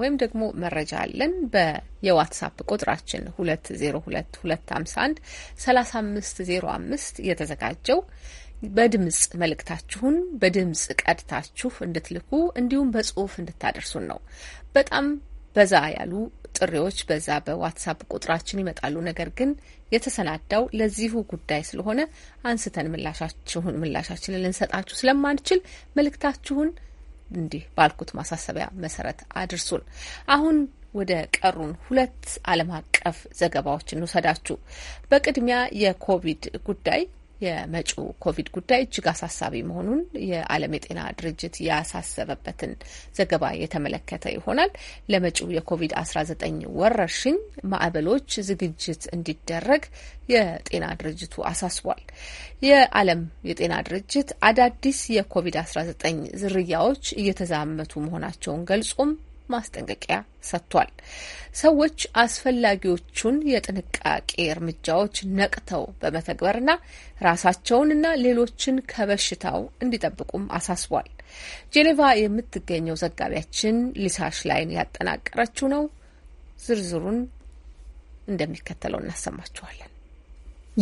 ወይም ደግሞ መረጃ አለን በየዋትሳፕ ቁጥራችን 2022513505 የተዘጋጀው በድምጽ መልእክታችሁን በድምጽ ቀድታችሁ እንድትልኩ እንዲሁም በጽሁፍ እንድታደርሱን ነው። በጣም በዛ ያሉ ጥሪዎች በዛ በዋትሳፕ ቁጥራችን ይመጣሉ። ነገር ግን የተሰናዳው ለዚሁ ጉዳይ ስለሆነ አንስተን ምላሻችሁን ምላሻችንን ልንሰጣችሁ ስለማንችል መልእክታችሁን እንዲህ ባልኩት ማሳሰቢያ መሰረት አድርሱን። አሁን ወደ ቀሩን ሁለት ዓለም አቀፍ ዘገባዎች እንውሰዳችሁ። በቅድሚያ የኮቪድ ጉዳይ የመጪው ኮቪድ ጉዳይ እጅግ አሳሳቢ መሆኑን የዓለም የጤና ድርጅት ያሳሰበበትን ዘገባ የተመለከተ ይሆናል። ለመጪው የኮቪድ-19 ወረርሽኝ ማዕበሎች ዝግጅት እንዲደረግ የጤና ድርጅቱ አሳስቧል። የዓለም የጤና ድርጅት አዳዲስ የኮቪድ-19 ዝርያዎች እየተዛመቱ መሆናቸውን ገልጾም ማስጠንቀቂያ ሰጥቷል። ሰዎች አስፈላጊዎቹን የጥንቃቄ እርምጃዎች ነቅተው በመተግበርና ራሳቸውንና ሌሎችን ከበሽታው እንዲጠብቁም አሳስቧል። ጄኔቫ የምትገኘው ዘጋቢያችን ሊሳሽ ላይን ያጠናቀረችው ነው። ዝርዝሩን እንደሚከተለው እናሰማችኋለን።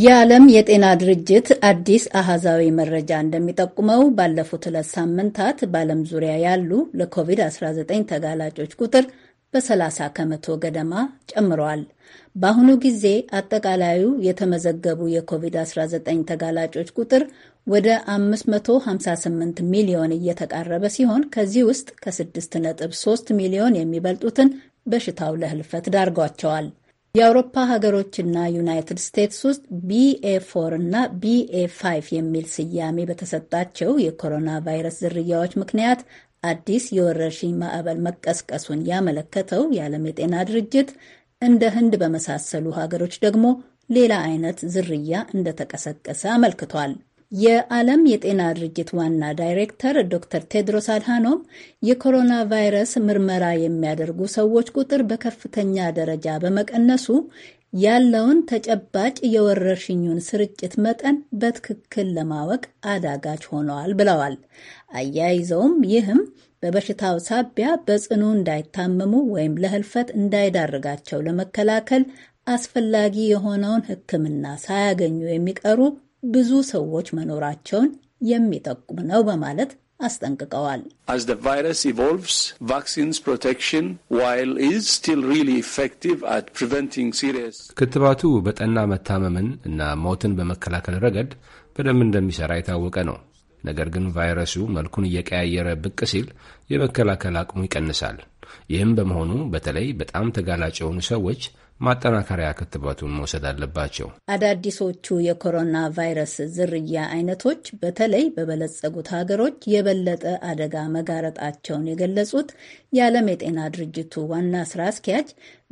የዓለም የጤና ድርጅት አዲስ አሃዛዊ መረጃ እንደሚጠቁመው ባለፉት ሁለት ሳምንታት በዓለም ዙሪያ ያሉ ለኮቪድ-19 ተጋላጮች ቁጥር በ30 ከመቶ ገደማ ጨምረዋል። በአሁኑ ጊዜ አጠቃላዩ የተመዘገቡ የኮቪድ-19 ተጋላጮች ቁጥር ወደ 558 ሚሊዮን እየተቃረበ ሲሆን ከዚህ ውስጥ ከ6.3 ሚሊዮን የሚበልጡትን በሽታው ለህልፈት ዳርጓቸዋል። የአውሮፓ ሀገሮችና ዩናይትድ ስቴትስ ውስጥ ቢኤ ፎር እና ቢኤ ፋይቭ የሚል ስያሜ በተሰጣቸው የኮሮና ቫይረስ ዝርያዎች ምክንያት አዲስ የወረርሽኝ ማዕበል መቀስቀሱን ያመለከተው የዓለም የጤና ድርጅት እንደ ህንድ በመሳሰሉ ሀገሮች ደግሞ ሌላ አይነት ዝርያ እንደተቀሰቀሰ አመልክቷል። የዓለም የጤና ድርጅት ዋና ዳይሬክተር ዶክተር ቴድሮስ አድሃኖም የኮሮና ቫይረስ ምርመራ የሚያደርጉ ሰዎች ቁጥር በከፍተኛ ደረጃ በመቀነሱ ያለውን ተጨባጭ የወረርሽኙን ስርጭት መጠን በትክክል ለማወቅ አዳጋች ሆነዋል ብለዋል። አያይዘውም ይህም በበሽታው ሳቢያ በጽኑ እንዳይታመሙ ወይም ለህልፈት እንዳይዳርጋቸው ለመከላከል አስፈላጊ የሆነውን ሕክምና ሳያገኙ የሚቀሩ ብዙ ሰዎች መኖራቸውን የሚጠቁም ነው በማለት አስጠንቅቀዋል። ክትባቱ በጠና መታመምን እና ሞትን በመከላከል ረገድ በደንብ እንደሚሰራ የታወቀ ነው። ነገር ግን ቫይረሱ መልኩን እየቀያየረ ብቅ ሲል የመከላከል አቅሙ ይቀንሳል። ይህም በመሆኑ በተለይ በጣም ተጋላጭ የሆኑ ሰዎች ማጠናከሪያ ክትባቱን መውሰድ አለባቸው። አዳዲሶቹ የኮሮና ቫይረስ ዝርያ አይነቶች በተለይ በበለጸጉት ሀገሮች የበለጠ አደጋ መጋረጣቸውን የገለጹት የዓለም የጤና ድርጅቱ ዋና ስራ አስኪያጅ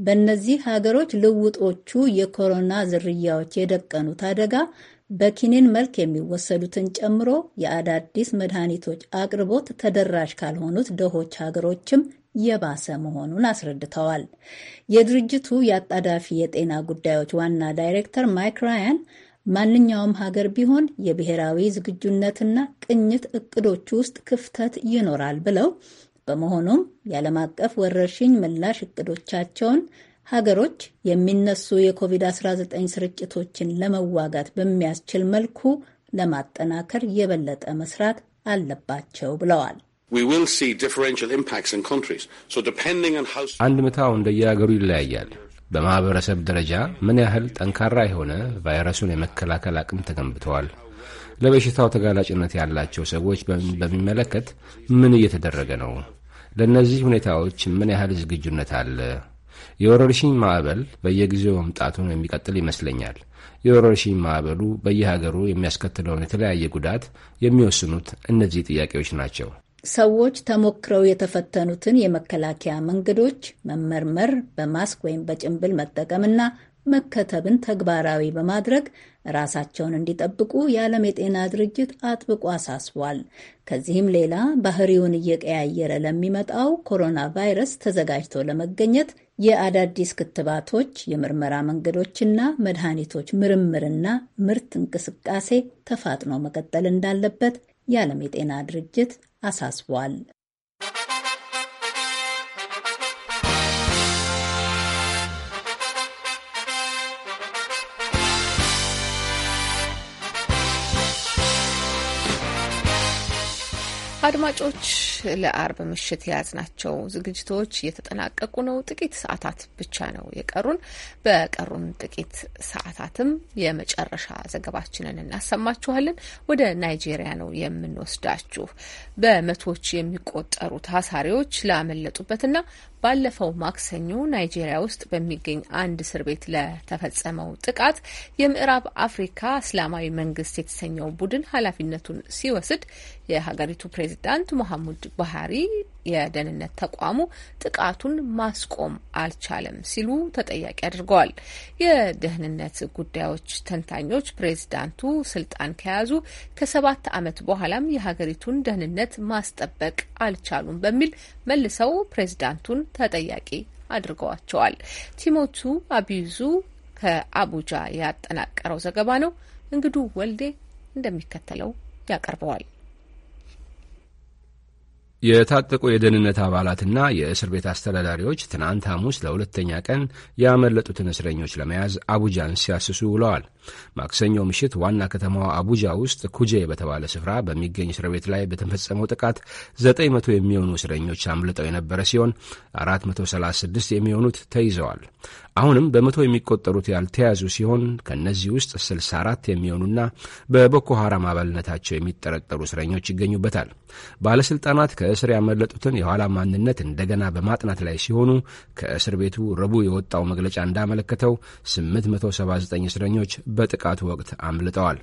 በእነዚህ ሀገሮች ልውጦቹ የኮሮና ዝርያዎች የደቀኑት አደጋ በኪኒን መልክ የሚወሰዱትን ጨምሮ የአዳዲስ መድኃኒቶች አቅርቦት ተደራሽ ካልሆኑት ደሆች ሀገሮችም የባሰ መሆኑን አስረድተዋል። የድርጅቱ የአጣዳፊ የጤና ጉዳዮች ዋና ዳይሬክተር ማይክ ራያን ማንኛውም ሀገር ቢሆን የብሔራዊ ዝግጁነትና ቅኝት እቅዶቹ ውስጥ ክፍተት ይኖራል ብለው በመሆኑም የዓለም አቀፍ ወረርሽኝ ምላሽ እቅዶቻቸውን ሀገሮች የሚነሱ የኮቪድ-19 ስርጭቶችን ለመዋጋት በሚያስችል መልኩ ለማጠናከር የበለጠ መስራት አለባቸው ብለዋል። አንድምታው ታው እንደየሀገሩ ይለያያል። በማህበረሰብ ደረጃ ምን ያህል ጠንካራ የሆነ ቫይረሱን የመከላከል አቅም ተገንብተዋል፣ ለበሽታው ተጋላጭነት ያላቸው ሰዎች በሚመለከት ምን እየተደረገ ነው፣ ለእነዚህ ሁኔታዎች ምን ያህል ዝግጁነት አለ። የወረርሽኝ ማዕበል በየጊዜው መምጣቱን የሚቀጥል ይመስለኛል። የወረርሽኝ ማዕበሉ በየሀገሩ የሚያስከትለውን የተለያየ ጉዳት የሚወስኑት እነዚህ ጥያቄዎች ናቸው። ሰዎች ተሞክረው የተፈተኑትን የመከላከያ መንገዶች መመርመር፣ በማስክ ወይም በጭንብል መጠቀምና መከተብን ተግባራዊ በማድረግ ራሳቸውን እንዲጠብቁ የዓለም የጤና ድርጅት አጥብቆ አሳስቧል። ከዚህም ሌላ ባህሪውን እየቀያየረ ለሚመጣው ኮሮና ቫይረስ ተዘጋጅቶ ለመገኘት የአዳዲስ ክትባቶች የምርመራ መንገዶችና መድኃኒቶች ምርምርና ምርት እንቅስቃሴ ተፋጥኖ መቀጠል እንዳለበት የዓለም የጤና ድርጅት አሳስቧል። አድማጮች ለአርብ ምሽት የያዝናቸው ዝግጅቶች እየተጠናቀቁ ነው። ጥቂት ሰዓታት ብቻ ነው የቀሩን። በቀሩን ጥቂት ሰዓታትም የመጨረሻ ዘገባችንን እናሰማችኋለን። ወደ ናይጄሪያ ነው የምንወስዳችሁ። በመቶዎች የሚቆጠሩ ታሳሪዎች ላመለጡበትና ባለፈው ማክሰኞ ናይጄሪያ ውስጥ በሚገኝ አንድ እስር ቤት ለተፈጸመው ጥቃት የምዕራብ አፍሪካ እስላማዊ መንግስት የተሰኘው ቡድን ኃላፊነቱን ሲወስድ የሀገሪቱ ፕሬዚዳንት ሞሐሙድ ባህሪ የደህንነት ተቋሙ ጥቃቱን ማስቆም አልቻለም ሲሉ ተጠያቂ አድርገዋል። የደህንነት ጉዳዮች ተንታኞች ፕሬዚዳንቱ ስልጣን ከያዙ ከሰባት ዓመት በኋላም የሀገሪቱን ደህንነት ማስጠበቅ አልቻሉም በሚል መልሰው ፕሬዚዳንቱን ተጠያቂ አድርገዋቸዋል። ቲሞቱ አቢዙ ከአቡጃ ያጠናቀረው ዘገባ ነው። እንግዱ ወልዴ እንደሚከተለው ያቀርበዋል። የታጠቁ የደህንነት አባላትና የእስር ቤት አስተዳዳሪዎች ትናንት ሐሙስ ለሁለተኛ ቀን ያመለጡትን እስረኞች ለመያዝ አቡጃን ሲያስሱ ውለዋል። ማክሰኞ ምሽት ዋና ከተማዋ አቡጃ ውስጥ ኩጄ በተባለ ስፍራ በሚገኝ እስር ቤት ላይ በተፈጸመው ጥቃት 900 የሚሆኑ እስረኞች አምልጠው የነበረ ሲሆን 436 የሚሆኑት ተይዘዋል። አሁንም በመቶ የሚቆጠሩት ያልተያዙ ሲሆን ከእነዚህ ውስጥ 64 የሚሆኑና በቦኮ ሐራም አባልነታቸው የሚጠረጠሩ እስረኞች ይገኙበታል። ባለሥልጣናት ከ ከእስር ያመለጡትን የኋላ ማንነት እንደገና በማጥናት ላይ ሲሆኑ ከእስር ቤቱ ረቡዕ የወጣው መግለጫ እንዳመለከተው 879 እስረኞች በጥቃቱ ወቅት አምልጠዋል።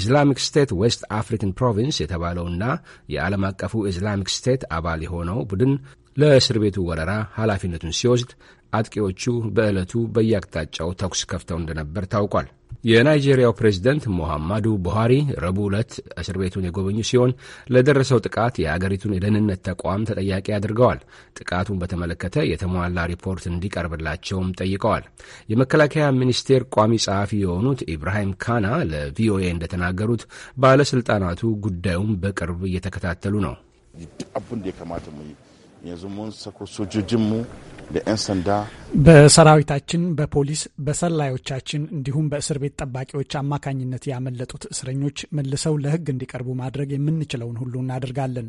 ኢስላሚክ ስቴት ዌስት አፍሪካን ፕሮቪንስ የተባለውና የዓለም አቀፉ ኢስላሚክ ስቴት አባል የሆነው ቡድን ለእስር ቤቱ ወረራ ኃላፊነቱን ሲወስድ አጥቂዎቹ በዕለቱ በየአቅጣጫው ተኩስ ከፍተው እንደነበር ታውቋል። የናይጄሪያው ፕሬዚደንት ሞሐማዱ ቡሃሪ ረቡዕ ዕለት እስር ቤቱን የጎበኙ ሲሆን ለደረሰው ጥቃት የአገሪቱን የደህንነት ተቋም ተጠያቂ አድርገዋል። ጥቃቱን በተመለከተ የተሟላ ሪፖርት እንዲቀርብላቸውም ጠይቀዋል። የመከላከያ ሚኒስቴር ቋሚ ጸሐፊ የሆኑት ኢብራሂም ካና ለቪኦኤ እንደተናገሩት ባለሥልጣናቱ ጉዳዩን በቅርብ እየተከታተሉ ነው። በሰራዊታችን በፖሊስ በሰላዮቻችን እንዲሁም በእስር ቤት ጠባቂዎች አማካኝነት ያመለጡት እስረኞች መልሰው ለሕግ እንዲቀርቡ ማድረግ የምንችለውን ሁሉ እናደርጋለን።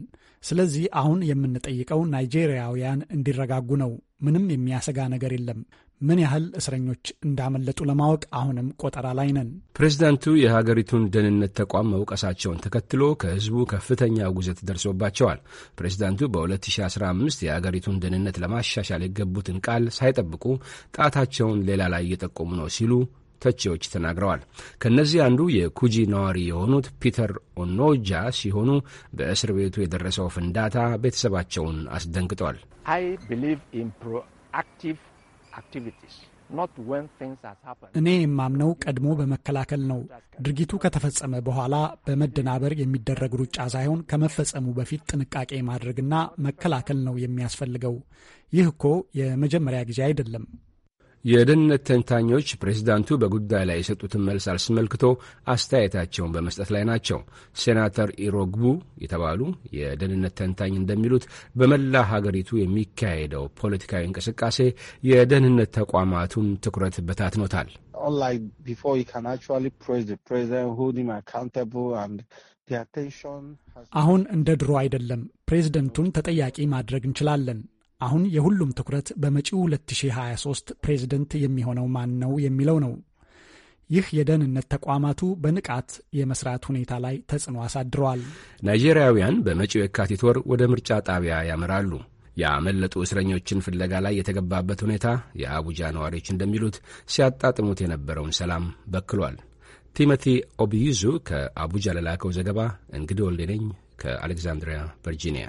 ስለዚህ አሁን የምንጠይቀው ናይጄሪያውያን እንዲረጋጉ ነው። ምንም የሚያሰጋ ነገር የለም። ምን ያህል እስረኞች እንዳመለጡ ለማወቅ አሁንም ቆጠራ ላይ ነን። ፕሬዚዳንቱ የሀገሪቱን ደህንነት ተቋም መውቀሳቸውን ተከትሎ ከህዝቡ ከፍተኛ ውግዘት ደርሶባቸዋል። ፕሬዚዳንቱ በ2015 የሀገሪቱን ደህንነት ለማሻሻል የገቡትን ቃል ሳይጠብቁ ጣታቸውን ሌላ ላይ እየጠቆሙ ነው ሲሉ ተቺዎች ተናግረዋል። ከእነዚህ አንዱ የኩጂ ነዋሪ የሆኑት ፒተር ኦኖጃ ሲሆኑ በእስር ቤቱ የደረሰው ፍንዳታ ቤተሰባቸውን አስደንግጧል። አይ ቢሊቭ ኢን ፕሮአክቲቭ እኔ የማምነው ቀድሞ በመከላከል ነው። ድርጊቱ ከተፈጸመ በኋላ በመደናበር የሚደረግ ሩጫ ሳይሆን ከመፈጸሙ በፊት ጥንቃቄ ማድረግና መከላከል ነው የሚያስፈልገው። ይህ እኮ የመጀመሪያ ጊዜ አይደለም። የደህንነት ተንታኞች ፕሬዚዳንቱ በጉዳይ ላይ የሰጡትን መልስ አስመልክቶ አስተያየታቸውን በመስጠት ላይ ናቸው። ሴናተር ኢሮግቡ የተባሉ የደህንነት ተንታኝ እንደሚሉት በመላ ሀገሪቱ የሚካሄደው ፖለቲካዊ እንቅስቃሴ የደህንነት ተቋማቱን ትኩረት በታትኖታል። አሁን እንደ ድሮ አይደለም። ፕሬዝደንቱን ተጠያቂ ማድረግ እንችላለን። አሁን የሁሉም ትኩረት በመጪው 2023 ፕሬዝደንት የሚሆነው ማን ነው የሚለው ነው። ይህ የደህንነት ተቋማቱ በንቃት የመስራት ሁኔታ ላይ ተጽዕኖ አሳድረዋል። ናይጄሪያውያን በመጪው የካቲት ወር ወደ ምርጫ ጣቢያ ያመራሉ። የአመለጡ እስረኞችን ፍለጋ ላይ የተገባበት ሁኔታ የአቡጃ ነዋሪዎች እንደሚሉት ሲያጣጥሙት የነበረውን ሰላም በክሏል። ቲሞቲ ኦብዩዙ ከአቡጃ ለላከው ዘገባ እንግዲህ ወልዴ ነኝ ከአሌክዛንድሪያ ቨርጂኒያ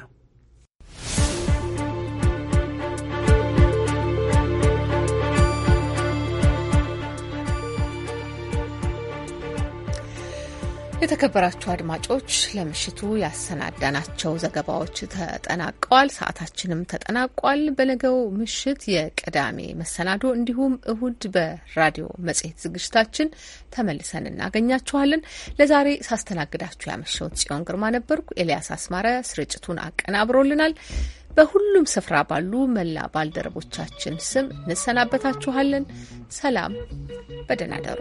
የተከበራችሁ አድማጮች ለምሽቱ ያሰናዳናቸው ዘገባዎች ተጠናቀዋል። ሰዓታችንም ተጠናቋል። በነገው ምሽት የቅዳሜ መሰናዶ እንዲሁም እሁድ በራዲዮ መጽሔት ዝግጅታችን ተመልሰን እናገኛችኋለን። ለዛሬ ሳስተናግዳችሁ ያመሸሁት ጽዮን ግርማ ነበርኩ። ኤልያስ አስማረ ስርጭቱን አቀናብሮልናል። በሁሉም ስፍራ ባሉ መላ ባልደረቦቻችን ስም እንሰናበታችኋለን። ሰላም፣ በደህና ደሩ።